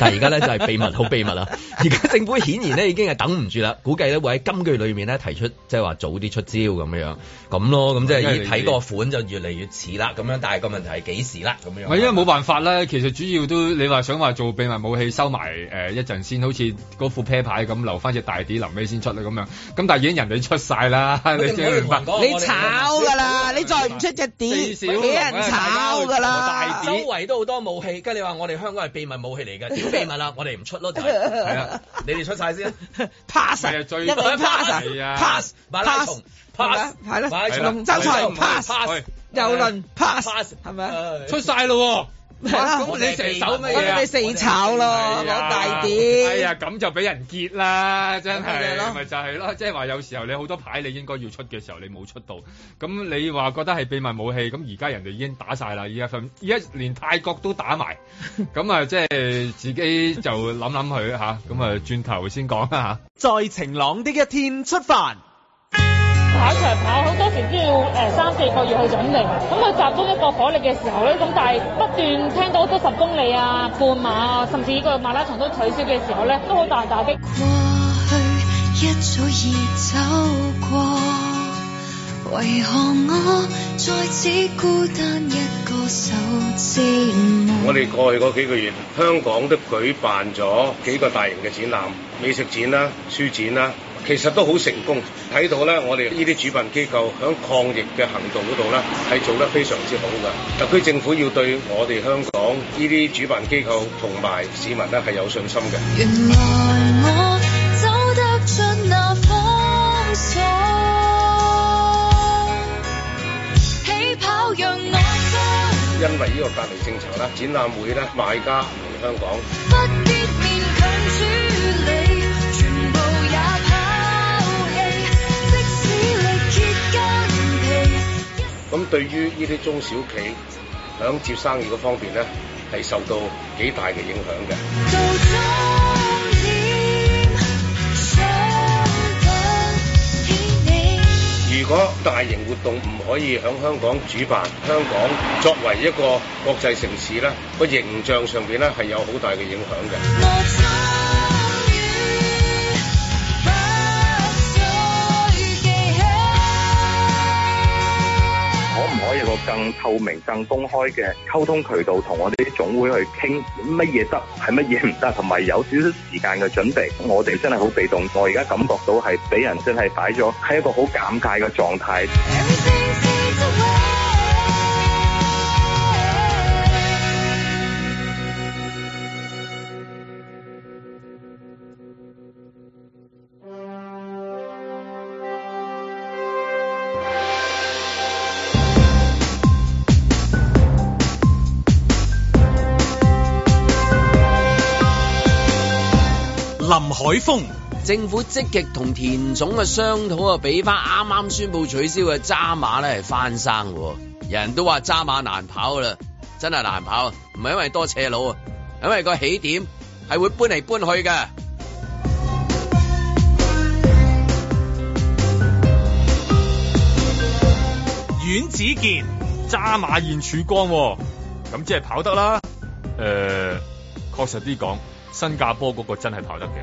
但係而家咧就係秘密好秘密啦。而家 [LAUGHS] 政府顯然咧已經係等唔住啦，估計咧會喺今句裏面咧提出，即係話早啲出招咁樣。咁咯，咁即係睇個款就越嚟越似啦，咁樣，但係個問題係幾時啦？咁樣，我因為冇辦法啦，其實主要都你話想話做秘密武器收埋，誒一陣先，好似嗰副啤牌咁留翻隻大碟留尾先出咧咁樣。咁但係已經人哋出曬啦，你即係明白？你炒㗎啦，你再唔出隻碟，會俾人炒㗎啦。周圍都好多武器，跟住你話我哋香港係秘密武器嚟㗎，點秘密啦，我哋唔出咯。係啊，你哋出晒先 pass 啊，最多 pass pass，馬拉松 pass 龍舟賽 pass，遊輪 pass，係咪出曬咯喎！咁你成手咪你四炒咯，有大點？哎呀，咁就俾人結啦！真係咪就係咯？即係話有時候你好多牌，你應該要出嘅時候，你冇出到。咁你話覺得係秘密武器，咁而家人哋已經打曬啦，而家而家連泰國都打埋。咁啊，即係自己就諗諗佢嚇咁啊，轉頭先講啦嚇。在晴朗的一天出發。跑長跑好多時都要誒三四個月去準備，咁佢集中一個火力嘅時候咧，咁但係不斷聽到都十公里啊、半馬啊，甚至呢個馬拉松都取消嘅時候咧，都好大打擊。過去一早已走過，為何我再次孤單一個守節目？我哋過去嗰幾個月，香港都舉辦咗幾個大型嘅展覽，美食展啦、啊、書展啦、啊。其實都好成功，睇到咧，我哋呢啲主辦機構喺抗疫嘅行動嗰度咧，係做得非常之好嘅。特區政府要對我哋香港呢啲主辦機構同埋市民咧係有信心嘅。因為呢個隔離政策咧，展覽會咧，買家嚟香港。咁對於呢啲中小企響接生意嗰方面咧，係受到幾大嘅影響嘅。如果大型活動唔可以響香港主辦，香港作為一個國際城市咧，個形象上面咧係有好大嘅影響嘅。可以有個更透明、更公開嘅溝通渠道，同我哋總會去傾乜嘢得，係乜嘢唔得，同埋有少少時間嘅準備。我哋真係好被動，我而家感覺到係俾人真係擺咗，係一個好尷尬嘅狀態。林海峰，政府積極同田總嘅商討啊，俾翻啱啱宣布取消嘅渣馬咧係翻生嘅喎，人都話渣馬難跑啦，真係難跑，唔係因為多斜路，係因為個起點係會搬嚟搬去嘅。阮子健渣馬現曙光，哦，咁即係跑得啦。誒、呃，確實啲講。新加坡嗰個真係跑得嘅，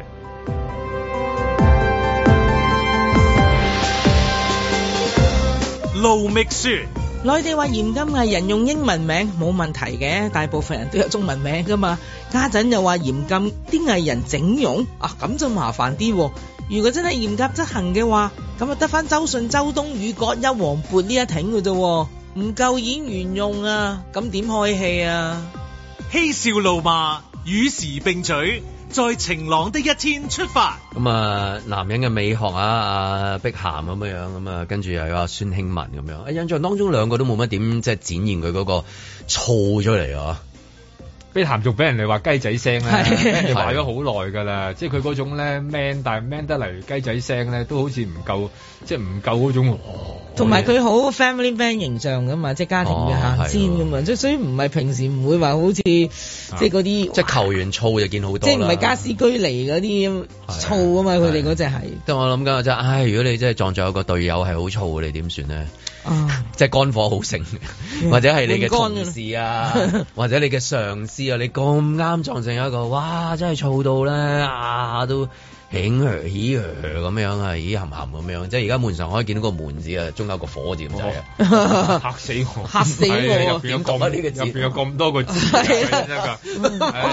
盧覓雪。內地話嚴禁藝人用英文名冇問題嘅，大部分人都有中文名噶嘛。家陣又話嚴禁啲藝人整容啊，咁就麻煩啲。如果真係嚴格執行嘅話，咁啊得翻周迅、周冬雨、葛優、黃渤呢一挺嘅啫，唔夠演員用啊，咁點開戲啊？嬉笑怒罵。與時並舉，在晴朗的一天出發。咁啊，男人嘅美學啊，啊碧咸咁樣樣。咁啊，跟住又有阿孫、啊、興文咁、啊、樣、啊，印象當中兩個都冇乜點，即係展現佢嗰個醋出嚟啊！俾譚續俾人哋話雞仔聲咧，話咗好耐噶啦。 [LAUGHS] 是的即係佢嗰種咧 man，人但係 man 得嚟雞仔聲咧，都好似唔夠，即係唔夠嗰種。同埋佢好 family man 形象噶嘛，即係家庭嘅行先咁啊。哇即係所以唔係平時唔會話好似即係嗰啲即係球員燥就見好多即係唔係加斯居尼嗰啲燥啊嘛？佢哋嗰隻係。咁我諗緊就係，唉，如果你真係撞咗一個隊友係好燥，你點算咧？啊！即係肝火好盛，或者係你嘅同事啊，乾的或者你嘅上司啊， [LAUGHS] 你咁啱撞正一個哇！真係燥到咧啊都～影啊，起啊咁樣，係依含含咁樣。即係而家門上可以見到個門字啊，中間有個火字咁樣。嚇死我，嚇死我，入邊有咁多個字，我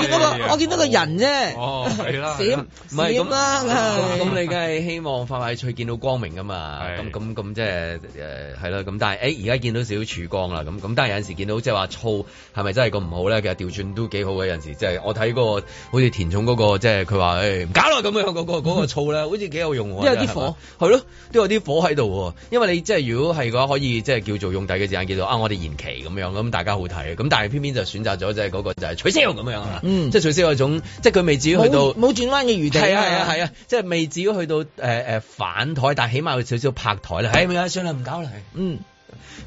見到個我見到個人啫，哦，係啦，閃閃啦，係咁你梗係希望快快脆見到光明㗎嘛？咁咁咁即係誒係啦，咁但係誒而家見到少少曙光啦，咁但係有陣時見到即係話粗，係咪真係咁唔好呢？其實調轉都幾好嘅，有陣時，即係我睇嗰個好似田總嗰個，即係佢話誒唔搞啦咁樣個嗰 [LAUGHS] 個醋咧，好似幾有用喎，因為啲火係咯，都有啲火喺度。因為你即係如果係嘅話，可以即係叫做用第嘅字眼，叫做啊，我哋延期咁樣咁，大家好睇。咁但係偏偏就選擇咗即係嗰個就係取消咁樣啊，嗯、即係取消嗰種，即係佢未至於去到冇轉彎嘅餘地，係啊係啊係啊，啊，即係未至於去到誒誒、呃呃、反台，但係起碼有少少拍台啦。係咪？吧啊，算啦，唔搞啦係嗯。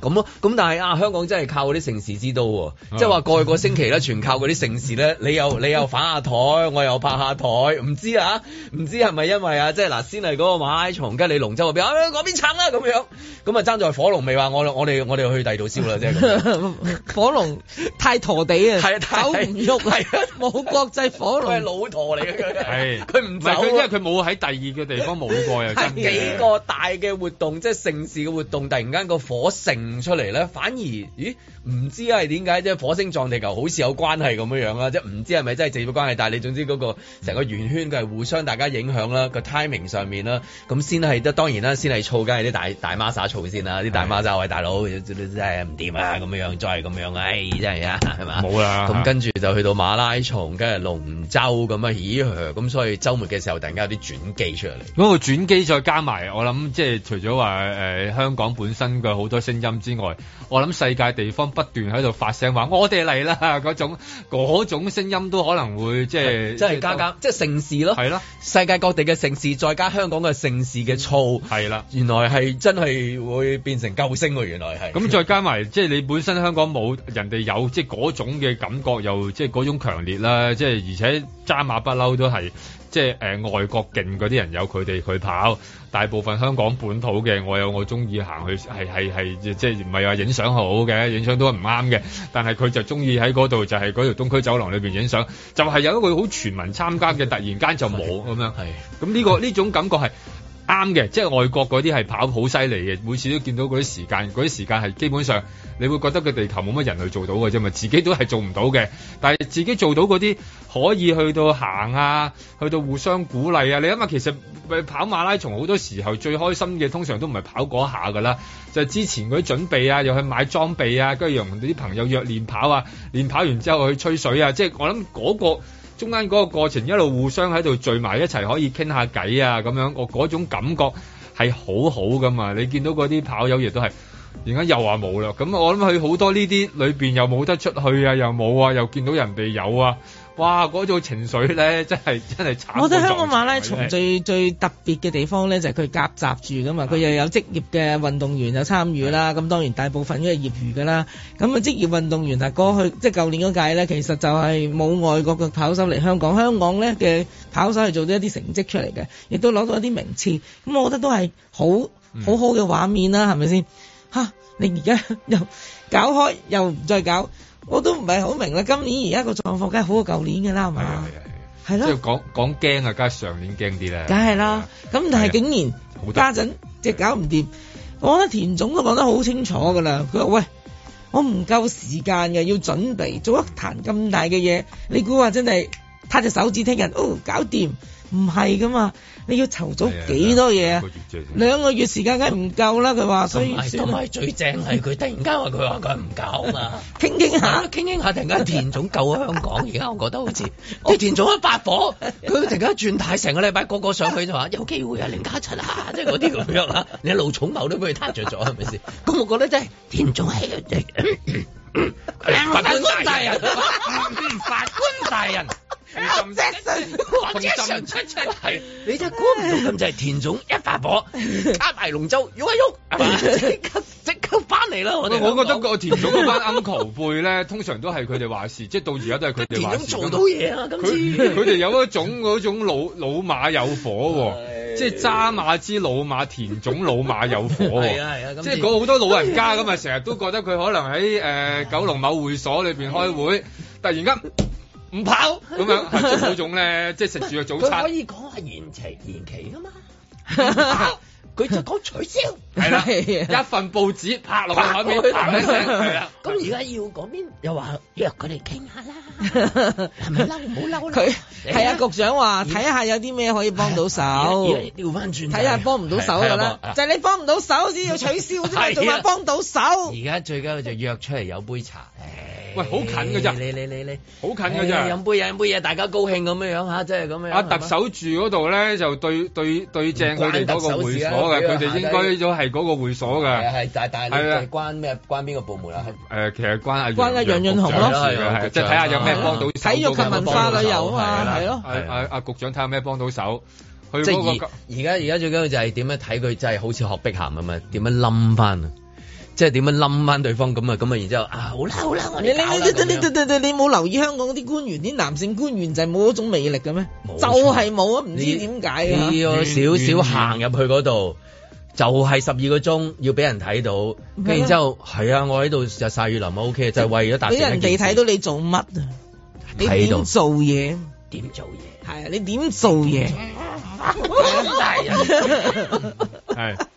咁咯，咁但係啊，香港真係靠嗰啲盛事之都喎，即係話個個星期咧，嗯、全靠嗰啲盛事咧，你又你又反下台， [LAUGHS] 我又拍下台，唔知啊，唔知係咪因為、就是、啊，即係嗱，先係嗰個馬拉松跟住龍舟啊邊啊嗰邊撐啦咁樣，咁啊爭在火龍未話我我哋我哋去第二度燒啦，即係 [LAUGHS] 火龍太陀地啊，係走唔喐，係啊冇、啊、國際火龍係老陀嚟嘅，佢唔、啊、走、啊，因為佢冇喺第二嘅地方冇過啊，係幾個,個大嘅活動， [LAUGHS] 即係盛事嘅活動，突然間個火。成出嚟咧，反而咦唔知係點解，即係火星撞地球好似有關係咁樣樣啦，即係唔知係咪真係直接關係，但係你總之嗰個成個圓圈佢係互相大家影響啦，嗯、個 timing 上面啦，咁先係得當然啦，先係操緊啲大大 massa 操先啦的，啲大 massa 喂大佬真係唔掂啊咁樣樣，再係咁樣啊，唉、哎、真係啊，係咪？冇啦，咁跟住就去到馬拉松，跟住龍舟咁啊，咦咁所以週末嘅時候突然間有啲轉機出嚟，嗰個轉機再加埋，我諗即係除咗話誒香港本身嘅好多。聲音之外。我諗世界地方不斷喺度發聲話我哋嚟啦，嗰種嗰種聲音都可能會即係即係加加即係城市咯，係咯的，世界各地嘅城市再加香港嘅城市嘅噪，係啦，原來係真係會變成救星原來係。咁的再加埋即係你本身香港冇人哋有，即係嗰種嘅感覺又即係嗰種強烈啦，即係而且揸馬不嬲都係即係誒、呃、外國勁嗰啲人有佢哋去跑，大部分香港本土嘅我有我中意行去係係係即係唔係話影。影相好嘅，影相都係唔啱嘅。但係佢就中意喺嗰度，就係、是、嗰條東區走廊裏面。影相，就係、是、有一個好全民參加嘅。突然間就冇咁是的 樣，咁呢是的、這個呢是的 種感覺係啱嘅，即係外國嗰啲係跑好犀利嘅，每次都見到嗰啲時間，嗰啲時間係基本上你會覺得個地球冇乜人類做到嘅啫，嘛，自己都係做唔到嘅。但係自己做到嗰啲。可以去到行啊，去到互相鼓勵啊。你諗下，其實跑馬拉松好多時候最開心嘅，通常都唔係跑嗰下噶啦，就係之前嗰啲準備啊，又去買裝備啊，跟住同啲朋友約練跑啊，練跑完之後去吹水啊。即係我諗嗰個中間嗰個過程，一路互相喺度聚埋一齊，可以傾下偈啊，咁樣我嗰種感覺係好好噶嘛。你見到嗰啲跑友亦都係而家又話冇啦，咁我諗佢好多呢啲裏邊又冇得出去啊，又冇啊，又見到人哋有啊。哇！嗰、那、種、個、情緒咧，真係真係慘。我覺得香港馬拉松最最特別嘅地方咧，就係、是、佢夾雜住噶嘛，佢、嗯、又有職業嘅運動員又參與啦。咁、嗯、當然大部分都係業餘噶啦。咁啊，職業運動員嗱過去即係舊年嗰屆咧，其實就係冇外國嘅跑手嚟香港，香港咧嘅跑手係做咗一啲成績出嚟嘅，亦都攞到一啲名次。咁我覺得都係好好好嘅畫面啦、啊，係咪先？嚇、啊！你而家又搞開，又唔再搞。我都唔係好明啦，今年而家個狀況梗係好過舊年㗎啦，係嘛？係咯，即係講講驚啊，梗係上年驚啲喇，梗係啦，咁的但係竟然家陣即係搞唔掂，的我覺得田總都講得好清楚㗎啦。佢話：喂，我唔夠時間嘅，要準備做一壇咁大嘅嘢。你估話真係攤隻手指，聽人，哦搞掂？唔係噶嘛，你要籌到幾多嘢啊？兩個月時間梗係唔夠啦，佢話所以同埋最正，係佢突然間話佢話佢唔夠嘛，傾傾 [LAUGHS] 下，傾傾下，突然間田總救香港，而家 [LAUGHS] 我覺得好似， [LAUGHS] 即田總一發火，佢突然間轉態，成個禮拜個個上去就話有機會啊零加七啊，即係嗰啲咁樣啦，你一路重謀都俾佢踏著咗係咪先？咁我覺得真係田總係， [LAUGHS] 法官大人， [LAUGHS] 法官大人。 [LAUGHS] 浸我 Jackson，Jackson，係你就估唔到，咁就係田總一發火，揸埋龍舟，喐一喐，即、啊、刻即刻翻嚟啦！我我覺得個田總嗰班 uncle 輩咧， [LAUGHS] 通常都係佢哋話事，即係到而家都係佢哋話事。田總做到嘢啊！今佢次哋有一種嗰種老老馬有火喎， [LAUGHS] 即係揸馬之老馬田總老馬有火喎，係啊係啊！啊即係好多老人家噶嘛，成日、 [LAUGHS] 啊、都覺得佢可能喺誒、呃、九龍某會所裏邊開會， [LAUGHS] 突然間。唔跑咁樣係做嗰種咧，即係食住嘅早餐。佢可以講係延期延期噶嘛，唔跑，佢 [LAUGHS] 就講取消。係啦，一份報紙拍落海面，嘭一聲，係啦。咁而家要嗰邊又話約佢哋傾下啦，係咪嬲？唔好嬲啦。佢係啊，局長話睇下有啲咩可以幫到手。調翻轉，睇下幫唔到手噶啦，就係你幫唔到手先要取消，啫嘛，仲幫到手。而家最緊要就約出嚟，有杯茶。喂，好近噶咋你你你你，好近噶咋飲杯嘢，飲杯嘢，大家高興咁樣樣吓，即係咁樣。阿特首住嗰度咧，就對對對正佢哋嗰個會所嘅，佢哋應該都係嗰個會所㗎，係，但係但係關咩關邊個部門啊？誒，其實關阿關阿楊潤雄咯，即係睇下有咩幫到體育及文化旅遊啊，係咯，阿局長睇下有咩幫到手，即嗰而家而家最緊要就係點樣睇佢，真係好似學碧咸咁啊？點樣冧返啊？即係點樣冧返對方咁啊？咁啊？然之後啊，好啦好啦，你冇留意香港嗰啲官員，啲男性官員就係冇嗰種魅力嘅咩？就係冇啊，唔知點解啊。少少行入去嗰度。就係十二個鐘要俾人睇到，跟住之後係啊,啊，我喺度日晒雨淋 O K 就係為咗達俾人哋睇到你做乜到啊？你點做嘢？點做嘢？係啊，你點做嘢？咁、啊、 [LAUGHS] 大人係， [LAUGHS]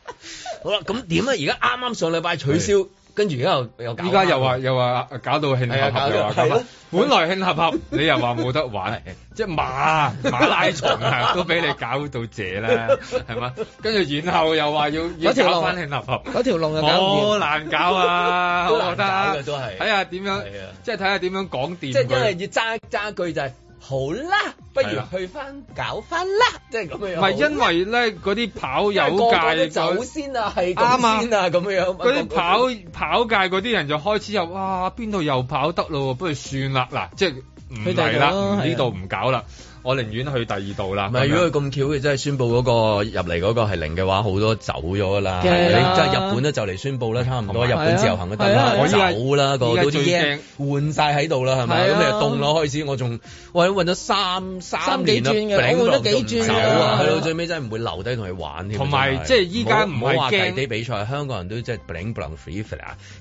好啦，咁點啊？而家啱啱上禮拜取消。跟住而家又又搞，而家又話又話搞到慶合合又，又咁啊！本來慶合合，你又話冇得玩，即係、啊、馬馬拉松啊，都俾你搞到謝啦，係嘛？ [LAUGHS] 跟住然後又話要要搞翻慶合合，嗰條龍又搞，好難搞啊！我覺得，呢個都係睇下點樣，啊、即係睇下點樣講掂。即係因為要爭爭一句就係、是。好啦，不如去翻搞翻啦，即係咁樣。唔係因為咧，嗰啲跑友界 [LAUGHS] 個個走先啊，係咁先啊，咁對、啊、樣嗰啲 [LAUGHS] 跑 [LAUGHS] 跑界嗰啲人就開始又哇，邊度又跑得咯？不如算啦，嗱，即係唔係啦，呢度唔搞啦。我寧願去第二度啦。唔係如果佢咁巧嘅，真係宣布嗰個入嚟嗰個係零嘅話，好多走咗噶啦。係即係日本都就嚟宣布啦，差唔多日本自由行嘅得啦，走啦個都啲嘢換曬喺度啦，係咪？咁你就凍咯開始，我仲喂運咗三三年咯，領都幾轉啊，去到最尾真係唔會留低同佢玩。同埋即係依家唔好話第啲比賽，香港人都即係 bling bling free f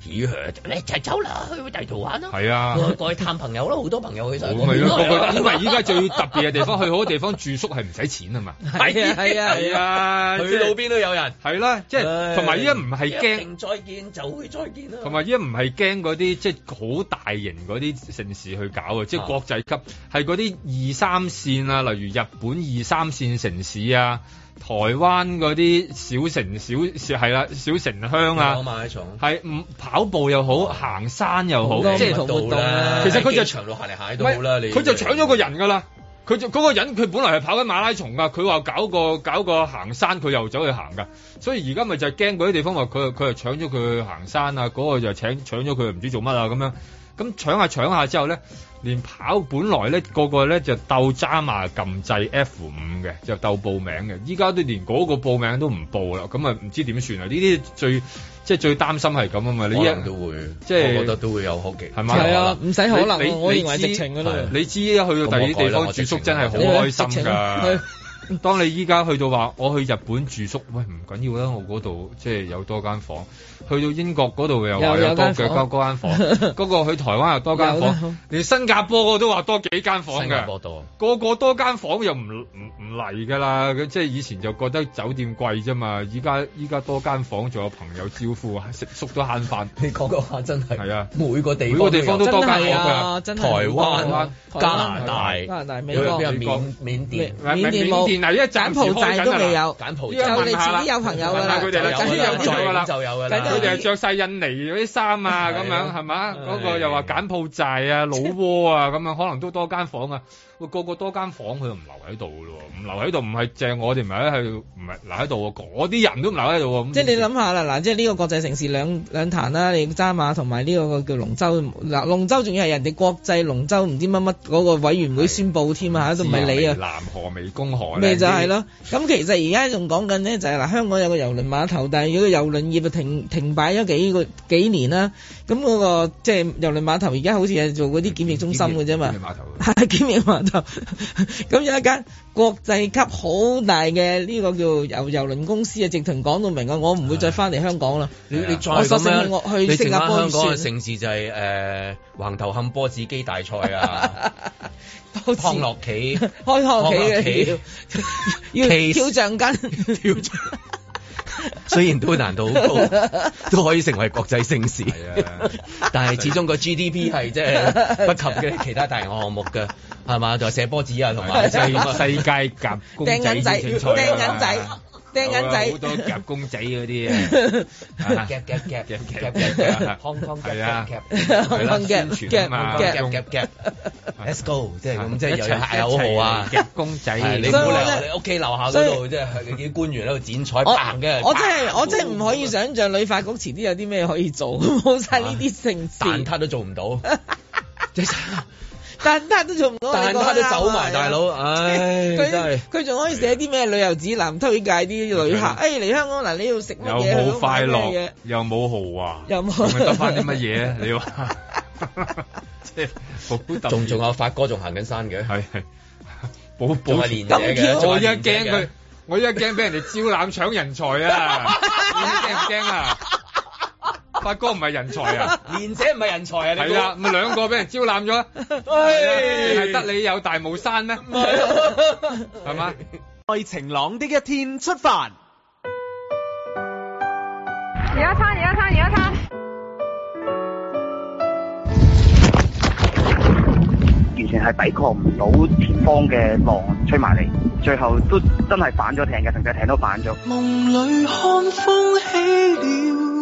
你走啦，去第二度玩啊。係啊，過去探朋友咯，好多朋友去唔因為依家最特地方去好多地方住宿係唔使錢啊嘛，係啊係啊，係啊。去到邊都有人，係啦，即係同埋依家唔係驚再見就會再見啦，同埋依家唔係驚嗰啲即係好大型嗰啲城市去搞啊，即係國際級，係嗰啲二三線啊，例如日本二三線城市啊，台灣嗰啲小城小係啦小城鄉啊，馬拉松係唔跑步又好，行山又好，即係活動啦。其實佢就長路行嚟行去到啦，佢就搶咗個人噶啦。佢就嗰個人，佢本來係跑緊馬拉松㗎，佢話搞個搞個行山，佢又走去行㗎，所以而家咪就係驚嗰啲地方話佢佢係搶咗佢去行山啊，嗰個就搶搶咗佢唔知做乜啊咁樣，咁搶下搶下之後咧，連跑本來咧個個咧就鬥爭啊撳制 F 五嘅，就鬥報名嘅，依家都連嗰個報名都唔報啦，咁啊唔知點算啊？呢啲最。即係最擔心係咁啊嘛！你一樣都會，即係我覺得都會有好奇，係嘛？係啊，唔使可能，我認為直情嘅都。你知去到第二地方住宿真係好開心㗎。 [LAUGHS] 當你依家去到話，我去日本住宿，喂唔緊要啦，我嗰度即係有多間房。去到英國嗰度又話有多間房，嗰 [LAUGHS] 個去台灣又多間房，你新加坡我都話多幾間房嘅。新加坡個個多間房又唔唔嚟㗎啦。佢即係以前就覺得酒店貴啫嘛。依家依家多間房，仲有朋友招呼，食宿都慳飯。你講嘅話真係啊，每個地方、啊、每個地方都多間房㗎。台灣、加拿大、加拿大緬甸、緬甸嗱，依家柬埔寨都未有，柬依家我哋自己有朋友噶啦，佢哋就就有咗噶啦，就有噶啦，佢哋又著曬印尼嗰啲衫啊，咁樣係嘛？嗰個又話柬埔寨啊、老撾啊咁樣，可能都多間房啊。喂，個個多間房，佢就唔留喺度嘅喎，唔留喺度唔係淨係我哋，唔喺度，唔係留喺度？嗰啲人都唔留喺度喎。即係你諗下啦，嗱，即係呢個國際城市兩兩壇啦，你揸馬同埋呢個叫龍舟，龍舟仲要係人哋國際龍舟，唔知乜乜嗰個委員會宣佈添啊，都唔係你啊。南河未公河就咯，咁其實而家仲講緊呢，就係嗱，香港有個郵輪碼頭，但係個郵輪業停停擺咗幾個幾年啦。咁嗰、那個即係郵輪碼頭，而家好似係做嗰啲檢疫中心嘅啫嘛。檢疫碼頭，係 [LAUGHS] 檢疫碼頭。咁 [LAUGHS] 有一間國際級好大嘅呢個叫郵郵輪公司啊，直情講到明我，我唔會再翻嚟香港啦。你你去新加坡啦。你成香港嘅城市就係、是、誒、呃、橫頭磡波子機大賽啊！ [LAUGHS] 康樂棋、開康樂棋，棋、跳橡筋，雖然都難度好高，都可以成為國際盛事，但係始終個 GDP 係即係不及嘅其他大型項目嘅，係嘛、 [LAUGHS] 啊？就係射波子啊，同埋世界夾公仔比賽、掟銀、啊啊啊、仔。掟銀仔，好多夾公仔嗰啲啊，夾夾夾夾夾夾，係啊，係啦，宣傳啊嘛，夾夾夾，Let's go，即係咁，即係有拆又啊，夾公仔，你估你我屋企樓下嗰度，即係嗰啲官員喺度剪彩 bang 嘅，我真係我真係唔可以想象旅發局遲啲有啲咩可以做，冇晒呢啲盛事，蛋撻都做唔到。但家都做唔到都走埋大佬啦，佢佢仲可以寫啲咩旅遊指南推介啲旅客？哎，嚟香港嗱你要食嘢？又冇快樂，又冇豪華，又冇得翻啲乜嘢？你話？仲仲有發哥仲行緊山嘅，係係保年者嘅，我依家驚佢，我依家驚俾人哋招攬搶人才啊！你驚唔驚啊？發哥唔係人才啊，連姐唔係人才啊，係啊，咪兩個俾人招攬咗，係得你有大帽山咩？唔係，係嘛？在晴朗的一天出發，而家差，而家差，而家差，完全係抵抗唔到前方嘅浪吹埋嚟，最後都真係反咗艇嘅，成隻艇都反咗。看了。夢裡看風起了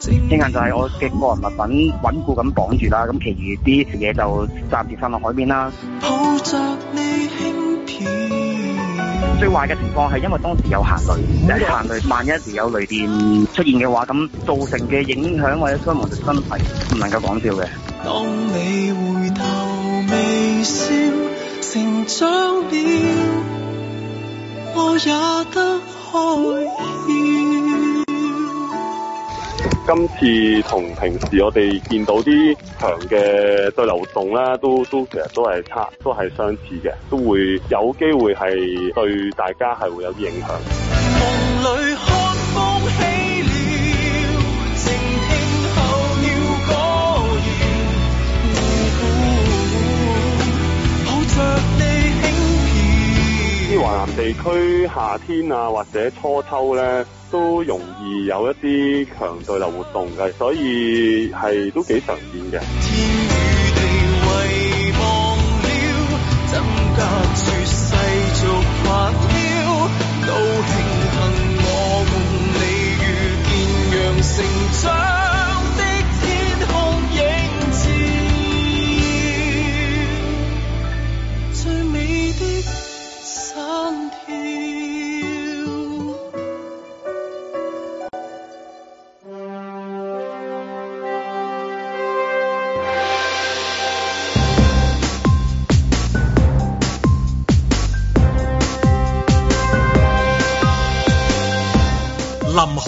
聽聞面就係我嘅個人物品穩固咁綁住啦，咁其餘啲嘢就暫時散落海邊啦。抱著你輕最壞嘅情況，係因為當時有行雷，有行、嗯、雷，萬一時有雷電出現嘅話，咁造成嘅影響或者傷我哋身體是不夠的，唔能夠講笑嘅。成長今次同平時我哋見到啲強嘅對流動啦，都都其實都係差，都係相似嘅，都會有機會係對大家係會有啲影響。夢裡啲華南地區夏天啊，或者初秋呢，都容易有一啲強對流活動嘅，所以係都幾常見嘅。天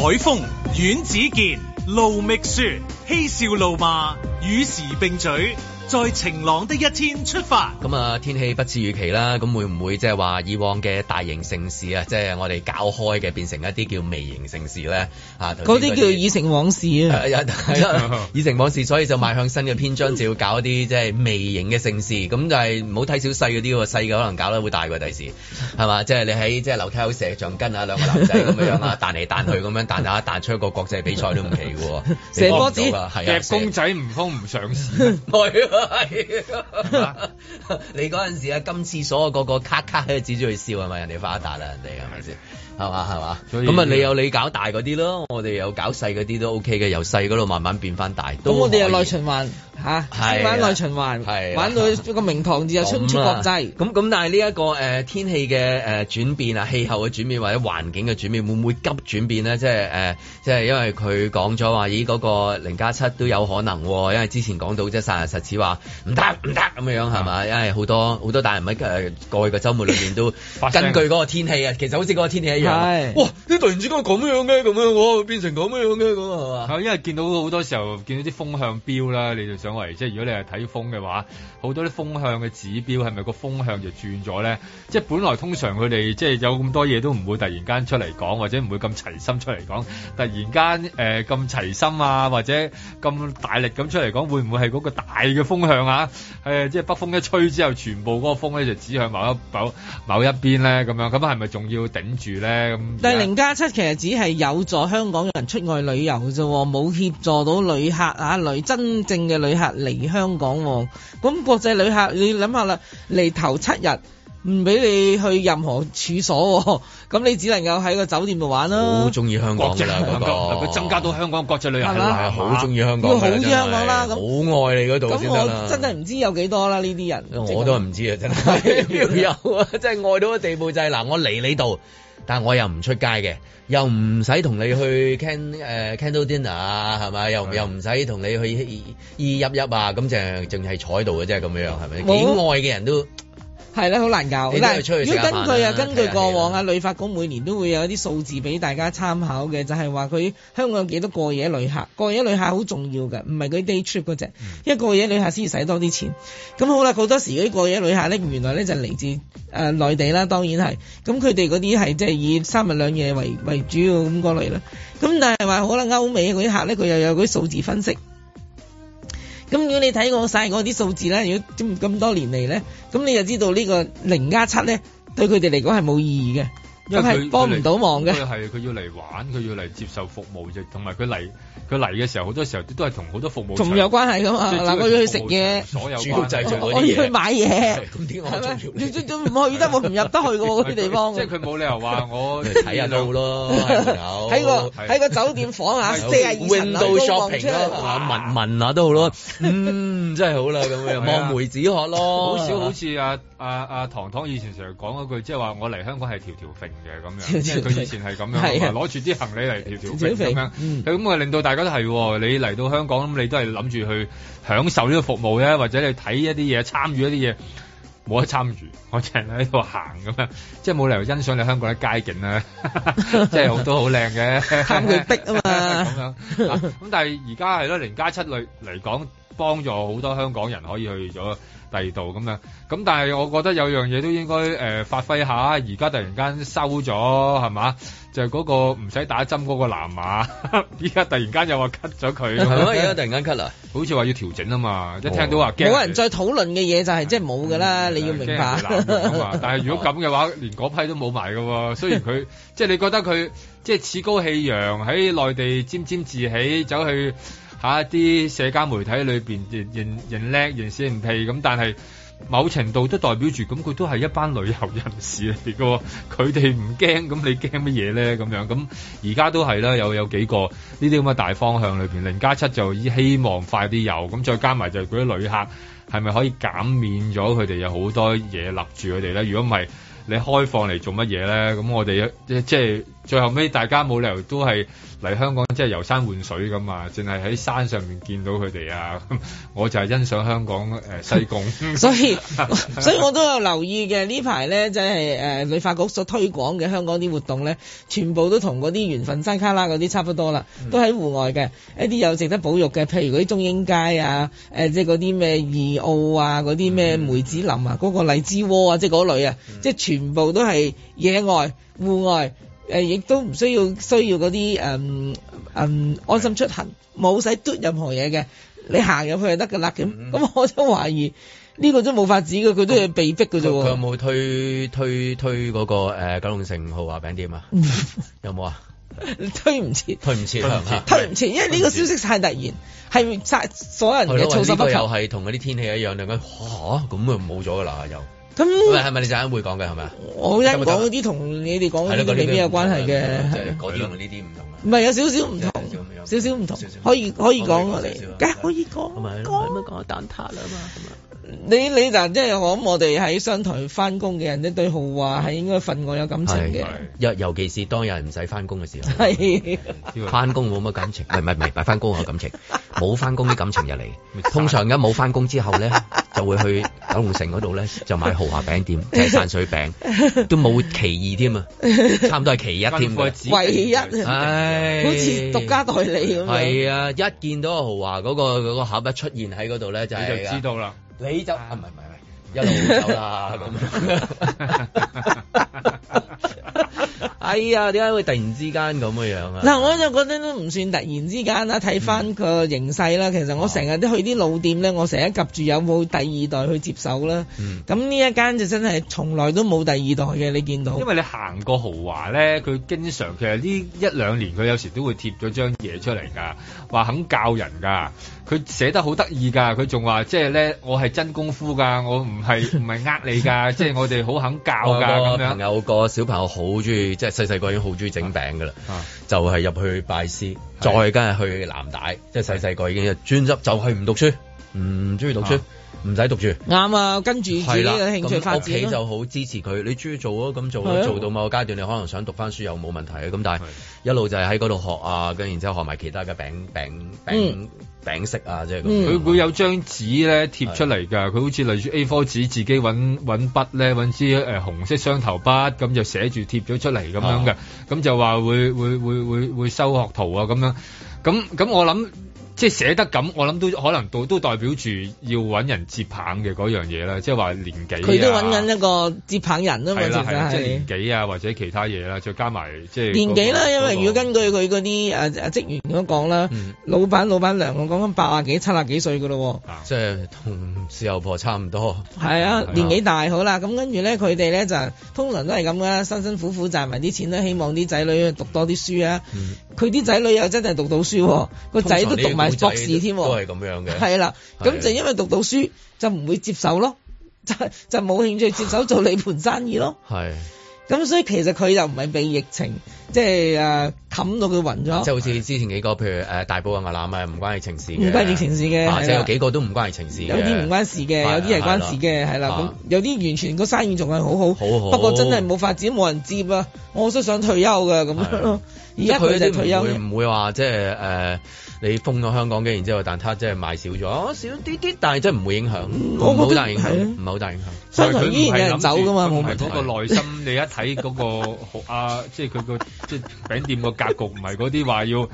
海峰阮子健盧覓雪，嬉笑怒罵，與時並舉。在晴朗的一天出發。咁啊，天氣不似預期啦。咁會唔會即係話以往嘅大型盛事啊，即、就、係、是、我哋搞開嘅變成一啲叫微型盛事咧？啊，嗰啲叫已成往事啊。係已、啊啊啊、 [LAUGHS] 成往事，所以就邁向新嘅篇章，就要搞一啲即係微型嘅盛事。咁就係唔好睇小細嗰啲喎，細嘅可能搞得會大喎，第時係嘛？即係、就是、你喺即係樓梯口射橡筋啊，跟兩個男仔咁樣啦， [LAUGHS] 彈嚟彈去咁樣，彈下彈出一個國際比賽都唔奇嘅喎。射波子，夾公仔唔通唔上市？ [LAUGHS] [LAUGHS] 嗎 [LAUGHS] 你嗰陣時啊，入廁所個個卡卡喺度，指住佢笑係咪？人哋發達啦，人哋係咪先？係嘛，係嘛，咁啊以你有你搞大嗰啲咯，我哋有搞細嗰啲都 O K 嘅，由細嗰度慢慢變翻大。咁我哋有內循環嚇，係玩內循環，係玩到一個名堂，之後、啊、出唔出國際？咁咁，但係呢一個誒、呃、天氣嘅誒轉變啊，氣候嘅轉變或者環境嘅轉變，會唔會急轉變咧？即係誒、呃，即係因為佢講咗話，咦嗰、嗰個零加七都有可能、啊，因為之前講到即係實行實踐話唔得唔得咁樣係嘛，啊、因為好多好多大人喺嘅、呃、過去嘅週末裏面都根據嗰個天氣啊，其實好似嗰個天氣。 [LAUGHS] 係 Yes. 哇！你突然之間咁樣嘅，咁樣我變成咁樣嘅咁啊！係因為見到好多時候見到啲風向標啦，你就想話，即係如果你係睇風嘅話，好多啲風向嘅指標係咪個風向就轉咗咧？即係本來通常佢哋即係有咁多嘢都唔會突然間出嚟講，或者唔會咁齊心出嚟講。突然間誒咁齊心啊，或者咁大力咁出嚟講，會唔會係嗰個大嘅風向啊？誒，即係北風一吹之後，全部嗰個風咧就指向某一某某一邊咧，咁樣咁係咪仲要頂住咧？但係零加七其實只係有助香港人出外旅遊啫，冇協助到旅客啊，旅真正嘅旅客嚟香港。咁國際旅客你諗下啦，嚟頭七日唔俾你去任何處所，咁你只能夠喺個酒店度玩、啊、喜歡啦。好中意香港啦，香佢增加到香港國際旅遊係嘛？好中意香港，好香港啦，好愛你嗰度先真係唔知有幾多啦呢啲人，那我都唔知啊，真係的有啊， [LAUGHS] 真係愛到嘅地步就係、是、嗱，我嚟你度。但係我又唔出街嘅，又唔使同你去 candle 誒、呃、candle dinner 啊，係咪又是的 又唔使同你去二二入入啊，咁就淨係坐喺度嘅啫，咁樣樣係咪？幾愛嘅人都。係啦，好難搞。如果根據啊，根據過往啊，旅發局每年都會有一啲數字俾大家參考嘅，就係話佢香港有幾多過夜旅客？過夜旅客好重要嘅，唔係嗰啲 day trip 嗰隻，因、嗯、為過夜旅客先要使多啲錢。咁好啦，好多時嗰啲過夜旅客咧，原來咧就嚟、是、自誒內、呃、地啦，當然係。咁佢哋嗰啲係即係以三日兩夜為為主要咁過嚟啦。咁但係話可能歐美嗰啲客咧，佢又有嗰啲數字分析。咁如果你睇我晒我啲數字咧，如果咁咁多年嚟咧，咁你就知道呢個零加七咧，對佢哋嚟講係冇意義嘅。佢係幫唔到忙嘅，佢係佢要嚟玩，佢要嚟接受服務啫，同埋佢嚟佢嚟嘅時候，好多時候都係同好多服務，仲有關係噶嘛？嗱，我要去食嘢，所有製造嘅嘢，我要去買嘢，咁啲我唔去得，我唔入得去個嗰啲地方。即係佢冇理由話我嚟睇下路咯，喺個喺個酒店房下，window shopping 咯，聞聞下都好咯，嗯，真係好啦，咁樣望梅止渴囉。好少好似阿阿阿唐唐以前成日講嗰句，即係話我嚟香港係條條就係咁樣，佢以前係咁樣，攞住啲行李嚟條條命咁樣，咁啊、嗯、令到大家都係。你嚟到香港咁，你都係諗住去享受呢個服務咧，或者你睇一啲嘢，參與一啲嘢，冇得參與，我淨係喺度行咁樣，即係冇理由欣賞你香港嘅街景啊，即係都好靚嘅，佢逼啊嘛咁樣。咁但係而家係咯，零加七類嚟講，幫助好多香港人可以去咗。第二度咁樣，咁但係我覺得有樣嘢都應該誒、呃、發揮下，而家突然間收咗係嘛？就係、是、嗰個唔使打針嗰個藍碼，依家突然間又話 cut 咗佢，係咯？依家突然間 cut 啦，好似話要調整啊嘛！一、哦、聽到話冇人再討論嘅嘢就係即係冇㗎啦，嗯、你要明白。 [LAUGHS] 但係如果咁嘅話，連嗰批都冇埋㗎喎。雖然佢 [LAUGHS] 即係你覺得佢即係趾高氣揚喺內地沾沾自喜，走去。下一啲社交媒體裏邊，人叻，人先、唔屁咁，但係某程度都代表住，咁佢都係一班旅遊人士嚟嘅。佢哋唔驚，咁你驚乜嘢咧？咁樣咁而家都係啦，有有幾個呢啲咁嘅大方向裏面，零加七就希望快啲遊，咁再加埋就嗰啲旅客係咪可以減免咗佢哋有好多嘢立住佢哋咧？如果唔係你開放嚟做乜嘢咧？咁我哋即係最後尾，大家冇理由都係，嚟香港即係遊山玩水咁啊，淨係喺山上面見到佢哋啊。我就係欣賞香港、呃、西貢。 [LAUGHS] 所以， [LAUGHS] 所以我都有留意嘅呢排咧，即係誒旅發局所推廣嘅香港啲活動咧，全部都同嗰啲緣分山卡拉嗰啲差唔多啦，嗯、都喺戶外嘅。一啲有值得保育嘅，譬如嗰啲中英街啊，呃、即係嗰啲咩二澳啊，嗰啲咩梅子林啊，嗰、嗯、個荔枝窩啊，即係嗰類啊，嗯、即係全部都係野外戶外。誒，亦都唔需要需要嗰啲誒誒安心出行，冇使嘟任何嘢嘅，你行入去就得噶啦咁。咁我都懷疑呢個都冇法子嘅，佢都係被逼嘅啫喎。佢有冇推推推嗰個誒九龍城豪華餅店啊？有冇啊？推唔切，推唔切，推唔切，因為呢個消息太突然，係曬所有人嘅措手不及。又係同嗰啲天氣一樣，兩嚇咁啊冇咗㗎啦又。咁那係咪你陣間會講嘅係咪啊？我一講啲同你哋講嗰啲有關係嘅，啲同呢啲唔同唔係有少少唔同，少少唔同，可以可以講我哋，梗係然可以講該咁啊，講蛋塔啦嘛咁嘛你你嗱，就係，即係我諗我哋喺商台翻工嘅人，你對豪華係應該份外有感情嘅。尤尤其是當有人唔使翻工嘅時候，係翻工冇乜感情，唔係唔係翻工有感情，冇翻工啲感情入嚟。通常一冇翻工之後咧， [LAUGHS] 就會去九龍城嗰度咧，就買豪華餅店，即係散水餅， [LAUGHS] 都冇其二添啊，差唔多係其一添嘅， [LAUGHS] 之唯一。哎，好似獨家代理咁。係啊，一見到豪華嗰，嗰個嗰，嗰個盒一出現喺嗰度咧，就係啊，你就知道啦。你就啊，唔係唔係唔係一路走啦咁。 [LAUGHS] [LAUGHS] 哎呀，點解會突然之間咁嘅樣啊？嗱、嗯，我就覺得都唔算突然之間啦，睇翻個形勢啦。其實我成日都去啲老店咧，我成日及住有冇第二代去接手啦。咁呢、嗯、一間就真係從來都冇第二代嘅，你見到。因為你行過豪華咧，佢經常其實呢一兩年佢有時都會貼咗張嘢出嚟㗎。話肯教人噶佢寫得好得意噶佢仲話即係咧，我係真功夫噶我唔係唔係呃你噶 [LAUGHS] 即係我哋好肯教噶咁樣。有個小朋友好中意，即係細細個已經好中意整餅噶啦，啊啊、就係入去拜師，的再加係去南大，即係細細個已經專職就係唔讀書，唔中意讀書。啊唔使讀住，啱啊！跟住自己嘅興趣發展，屋企就好支持佢。嗯、你中意做咯、啊，咁做咯、啊，的做到某個階段，你可能想讀返書又冇問題嘅。咁但係一路就係喺嗰度學啊，跟然之後學埋其他嘅餅餅餅餅食啊，即係佢會有張紙呢貼出嚟㗎。佢的好似類似 A4 紙，自己搵筆呢，搵支誒紅色雙頭筆咁就寫住貼咗出嚟咁的樣嘅。咁就話會會會會收學徒啊咁樣。咁咁我諗。即係寫得咁，我諗都可能都代表住要搵人接棒嘅嗰樣嘢啦。即係話年紀，佢都搵緊一個接棒人咯。嘛，啦，即係年紀啊，或者其他嘢啦，再加埋即係年紀啦。因為如果根據佢嗰啲職員咁講啦，老闆老闆娘，我講緊八啊幾、七啊幾歲噶咯。即係同侍候婆差唔多。係啊，年紀大好啦。咁跟住咧，佢哋咧就通常都係咁啦，辛辛苦苦賺埋啲錢啦，希望啲仔女讀多啲書啊。佢啲仔女又真係讀到書，個仔都讀博士添，都係咁樣嘅，係啦。咁就因為讀到書，就唔會接手咯，就就冇興趣接手做你盤生意咯。係。咁所以其實佢又唔係被疫情，即係誒冚到佢暈咗。即係好似之前幾個，譬如誒大埔嘅牙籠啊，唔關疫情事嘅。唔關疫情事嘅。即係有幾個都唔關疫情事嘅。有啲唔關事嘅，有啲係關事嘅，係啦。咁有啲完全個生意仲係好好。不過真係冇發展，冇人接啊！我都想退休嘅咁樣。而家佢就退休。即唔會唔會話即係誒？你封咗香港嘅。然之後但係佢即係賣少咗少啲啲，但係真係唔會影響，唔、嗯、好大影響，唔係、嗯、好大影響。所以佢依然有人走噶嘛，冇問題。個內心 [LAUGHS] 你一睇嗰、嗰個阿、 [LAUGHS] 啊、即係佢個即係餅店個格局，唔係嗰啲話要。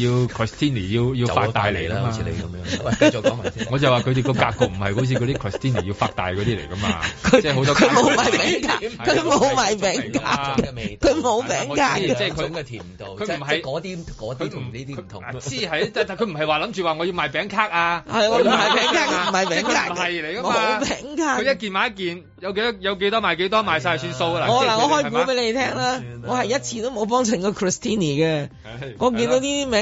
要 Christina 要要發大嚟啦，好似你咁樣。喂，繼續講埋先。我就話佢哋個格局唔係好似嗰啲 Christina 要發大嗰啲嚟噶嘛，即係好多。冇賣餅卡，佢冇賣餅卡嘅味，佢冇餅卡。即係佢嘅甜度，佢唔係嗰啲嗰啲同呢啲唔同。知係，但但佢唔係話諗住話我要賣餅卡啊，係我唔係餅卡，唔係餅卡，係嚟噶嘛。冇餅卡，佢一件買一件，有幾多有幾多賣幾多賣晒算數啦。我嗱我開估俾你聽啦，我係一次都冇幫襯過 Christina 嘅，我見到啲名。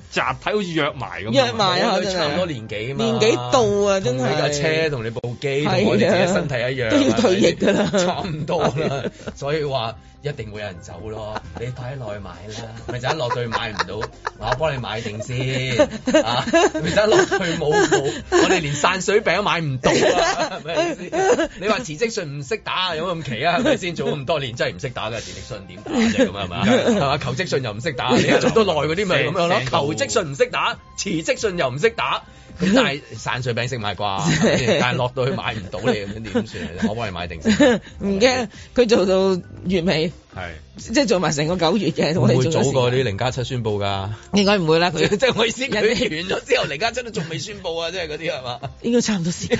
集體好似約埋咁樣，約埋，差唔多年紀啊嘛，年紀到啊，真係你架車同你部機同的我哋自己身體一樣，都要退役噶啦，差唔多啦，的所以話。一定會有人走咯，你太耐買啦，咪就一落去買唔 [LAUGHS] 到，我幫你買定先，咪就一落去冇冇，我哋連散水餅都買唔到啊，係咪？你話辭職信唔識打有咁奇啊？係咪先？做咁多年真係唔識打嘅辭職信點打啫？咁係咪啊？係咪 [LAUGHS] 求職信又唔識打，你做多耐嗰啲咪咁樣咯？求職信唔識打，辭職信又唔識打。佢他帶散水餅食唔係啩，是的 但係落到去買唔到，你咁點算？我幫你買定先，唔驚 [LAUGHS] 怕。佢吧做到月尾。係，即係做埋成個九月嘅。我唔會早過啲零加七宣布噶，應該唔會啦。佢即係我意思，佢完咗之後，零加七都仲未宣布啊，即係嗰啲係嘛？應該差唔多時間。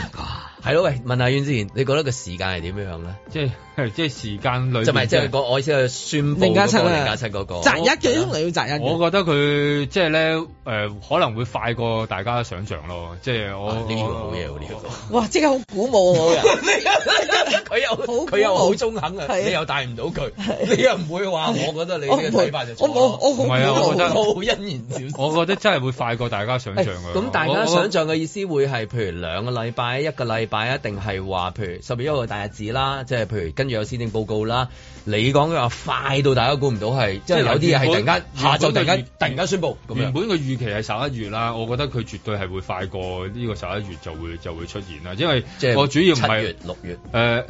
係咯，喂，問下遠之賢，你覺得個時間係點樣咧？即係即係時間裏，就唔係即係我意思係宣布零加七嗰個，扎一嘅，因為要扎一。我覺得佢即係咧，誒，可能會快過大家想象咯。即係我呢個好嘢喎，呢個哇，即係好鼓舞我。佢又佢又好中肯啊，你又帶唔到佢。你又唔會話、啊，我覺得你嘅睇法就我冇，我好欣然我覺得真係會快過大家想象嘅、 [LAUGHS] 哎。咁大家想象嘅意思會係，譬如兩個禮拜、一個禮拜，一定係話，譬如十月一號大日子啦，即係譬如跟住有施政報告啦。你講嘅話快到大家估唔到，係即係有啲嘢係突然間下晝突然間突然間宣布。原本嘅預期係十一月啦，我覺得佢絕對係會快過呢個十一月就會就會出現啦。因為我主要唔係七月六月，誒、呃。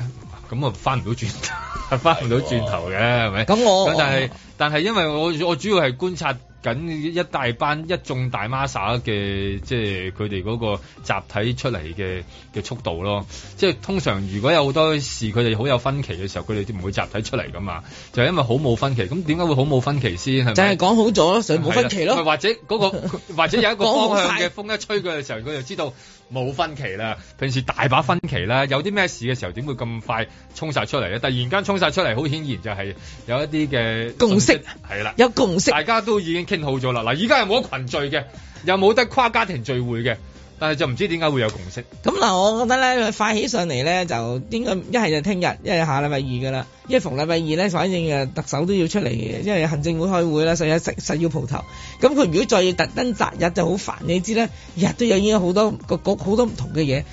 咁啊翻唔到轉頭，係翻唔到轉頭嘅，係咪？咁我，但係我但係因為我我主要係觀察。緊一大班一眾大媽嘅，即係佢哋嗰個集體出嚟嘅嘅速度咯。即係通常如果有好多事佢哋好有分歧嘅時候，佢哋都唔會集體出嚟噶嘛。就係、是、因為好冇分歧，咁點解會好冇分歧先？係咪就係講好咗，所以冇分歧咯。或者嗰、那個或者有一個方向嘅風一吹嘅時候，佢就知道冇分歧啦。平時大把分歧啦，有啲咩事嘅時候點會咁快沖晒出嚟咧？突然間沖晒出嚟，好顯然就係有一啲嘅共識係啦，了有共識，大家都已經。傾好咗啦，嗱，依家又冇得群聚嘅，又冇得跨家庭聚會嘅，但係就唔知點解會有共識。咁嗱，我覺得咧快起上嚟咧就應該一係就聽日，一係下禮拜二噶啦，因為逢禮拜二咧，反正誒特首都要出嚟嘅，因為行政會開會啦，所以實實要蒲頭。咁佢如果再要特登擇日就好煩，你知啦，日都應該有已經好多個局好多唔同嘅嘢，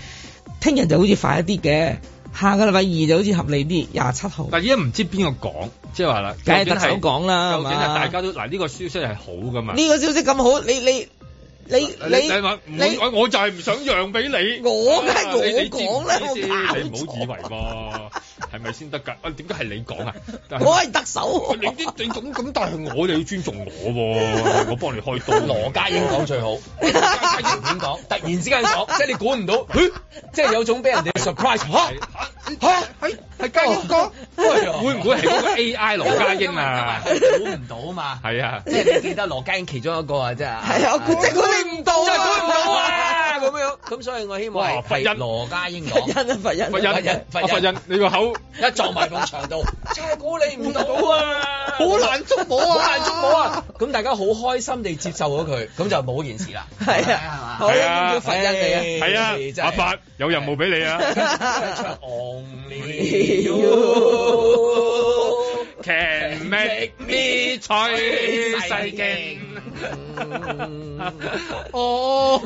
聽日就好似快一啲嘅。下個禮拜二就好似合理啲，廿七號。但係而家唔知邊個講，即係話啦，講究竟係，究竟係大家都嗱呢、啊、個消息係好㗎嘛？呢個消息咁好，你你你你你，我就係唔想讓俾你，我梗係我講啦，你唔好以為噉。係咪先得噶？啊，點解係你講啊？我係得手。你啲你咁咁，但係我又要尊重我喎。我幫你開刀。羅家英講最好。羅家英點講？突然之間講，即係你估唔到，即係有種俾人哋 surprise。吓吓係係家英，會唔會係個 AI 羅家英啊？估唔到嘛。係啊，即係你記得羅家英其中一個啊，真係。係啊，即係估唔到。真係估唔到啊！咁樣，咁所以我希望啊，佛印羅家英講，佛印啊，佛印，佛印，佛印，你個口一撞埋咁長度，真係估你唔到啊，好難捉摸啊，好難捉摸啊，咁大家好開心地接受咗佢，咁就冇件事啦，係啊，係嘛，好啊，佛印你啊，係啊，阿伯有任務俾你啊。強覓滅取世境，哦，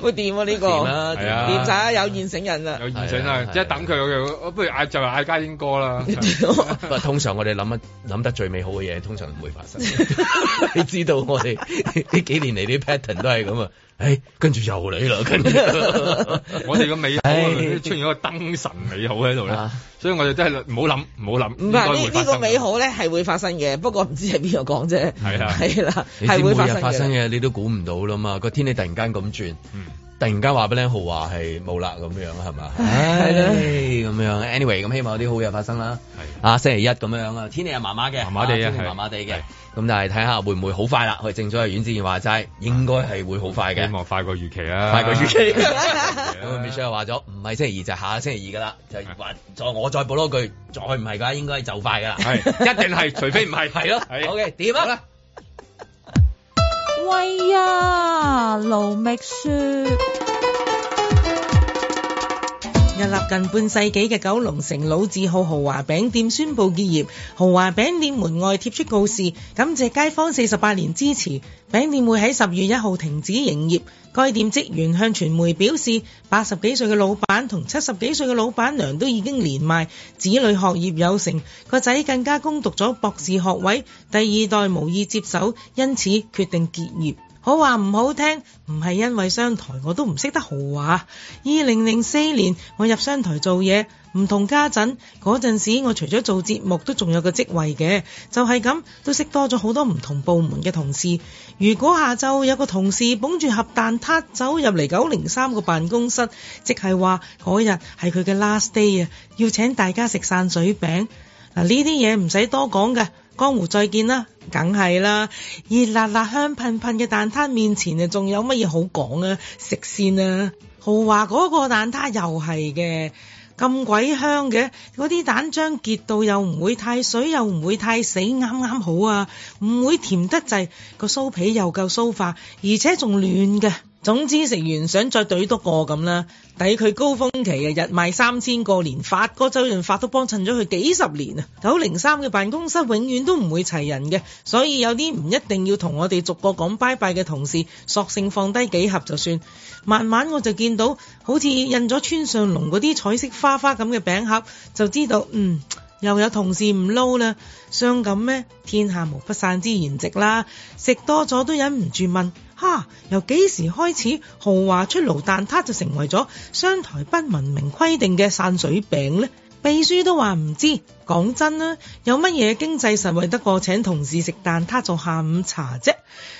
會掂啊？呢個，掂啦，有現成人啊，有現成啦，即係等佢，不如嗌就嗌嘉英哥啦。不過通常我哋諗乜諗得最美好嘅嘢，通常唔會發生，你知道我哋呢幾年嚟啲 pattern 都係咁啊。誒、哎，跟住又嚟啦！跟住， [LAUGHS] [LAUGHS] 我哋個美好出現個個燈神美好喺度咧，所以我哋真係唔好諗，唔好諗。唔係呢呢個美好咧係會發生嘅，不過唔知係邊個講啫。係啦，係啦，係會發生嘅。生你都估唔到啦嘛，個天氣突然間咁轉。嗯突然間話俾靚豪話係冇啦咁樣係嘛，唉咁樣，anyway 咁希望有啲好嘢發生啦。係啊，星期一咁樣啊，天氣係麻麻嘅，麻麻地麻麻地嘅。咁但係睇下會唔會好快啦？去正所謂阮志賢話齋，應該係會好快嘅。希望快過預期啊！快過預期。咁 Michelle 又話咗，唔係星期二就下星期二噶啦，就再我再補多句，再唔係㗎應應該就快噶啦，係一定係，除非唔係，係咯。O K，點啊？喂呀，盧覓雪。屹立近半世紀嘅九龍城老字號豪華餅店宣布結業，豪華餅店門外貼出告示，感謝街坊四十八年支持，餅店會喺十月一號停止營業。該店職員向傳媒表示，八十幾歲嘅老闆同七十幾歲嘅老闆娘都已經年邁，子女學業有成，個仔更加攻讀咗博士學位，第二代無意接手，因此決定結業。好話唔好聽，唔係因為商台，我都唔識得豪話。二零零四年我入商台做嘢，唔同家陣嗰陣時，我除咗做節目，都仲有個職位嘅。就係咁，都識多咗好多唔同部門嘅同事。如果下晝有個同事捧住盒蛋撻走入嚟九零三個辦公室，即係話嗰日係佢嘅 last day 啊，要請大家食散水餅。嗱，呢啲嘢唔使多講嘅。江湖再見啦，梗係啦，熱辣辣香噴噴嘅蛋撻面前啊，仲有乜嘢好講啊？食先啊，豪華嗰個蛋撻又係嘅咁鬼香嘅，嗰啲蛋漿結到又唔會太水，又唔會太死，啱啱好啊，唔會甜得滯，個酥皮又夠酥化，而且仲嫩嘅。總之食完想再對多個咁啦。抵佢高峰期啊！日賣三千個年，連發哥周潤發都幫襯咗佢幾十年啊！九零三嘅辦公室永遠都唔會齊人嘅，所以有啲唔一定要同我哋逐個講拜拜嘅同事，索性放低幾盒就算。慢慢我就見到好似印咗村上隆嗰啲彩色花花咁嘅餅盒，就知道嗯又有同事唔撈啦。傷感咩？天下無不散之筵席啦！食多咗都忍唔住問。哈、啊！由幾時開始豪華出爐蛋撻就成為咗商台不文明規定嘅散水餅咧？秘書都話唔知。講真啦，有乜嘢經濟實惠得過請同事食蛋撻做下午茶啫？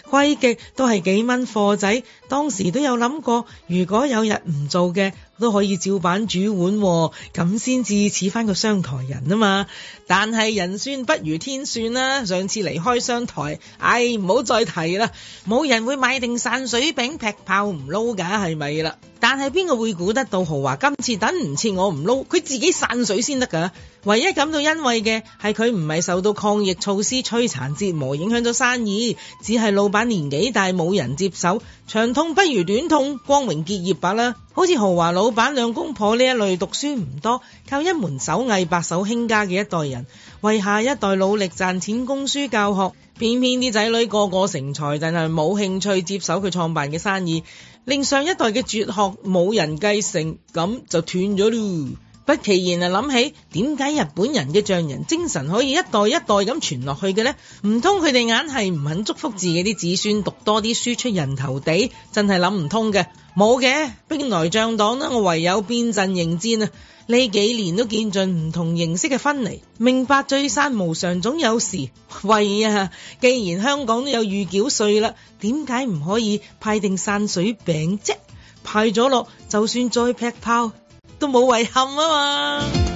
貴極都係幾蚊貨仔。當時都有諗過，如果有日唔做嘅，都可以照板煮碗，咁先至似翻個商台人啊嘛！但係人算不如天算啦，上次離開商台，唉，唔好再提啦，冇人會買定散水餅劈炮唔撈噶，係咪啦？但係邊個會估得到豪華今次等唔切我唔撈，佢自己散水先得噶。唯一感到欣慰嘅係佢唔係受到抗疫措施摧殘折磨影響咗生意，只係老闆年紀大冇人接手。長痛不如短痛，光榮結業罷啦！好似豪華老闆兩公婆呢一類，讀書唔多，靠一門手藝白手興家嘅一代人，為下一代努力賺錢供書教學，偏偏啲仔女個個成才，但係冇興趣接手佢創辦嘅生意，令上一代嘅絕學冇人繼承，咁就斷咗嚕。不其然啊，諗起點解日本人嘅匠人精神可以一代一代咁傳落去嘅呢？唔通佢哋硬係唔肯祝福自己啲子孫讀多啲書出人頭地？真係諗唔通嘅。冇嘅，兵來將擋呢，我唯有變陣迎戰啊！呢幾年都見盡唔同形式嘅分離，明白聚散無常，總有時。喂啊！既然香港都有預繳稅啦，點解唔可以派定散水餅啫？派咗落，就算再劈炮，都冇遺憾啊嘛！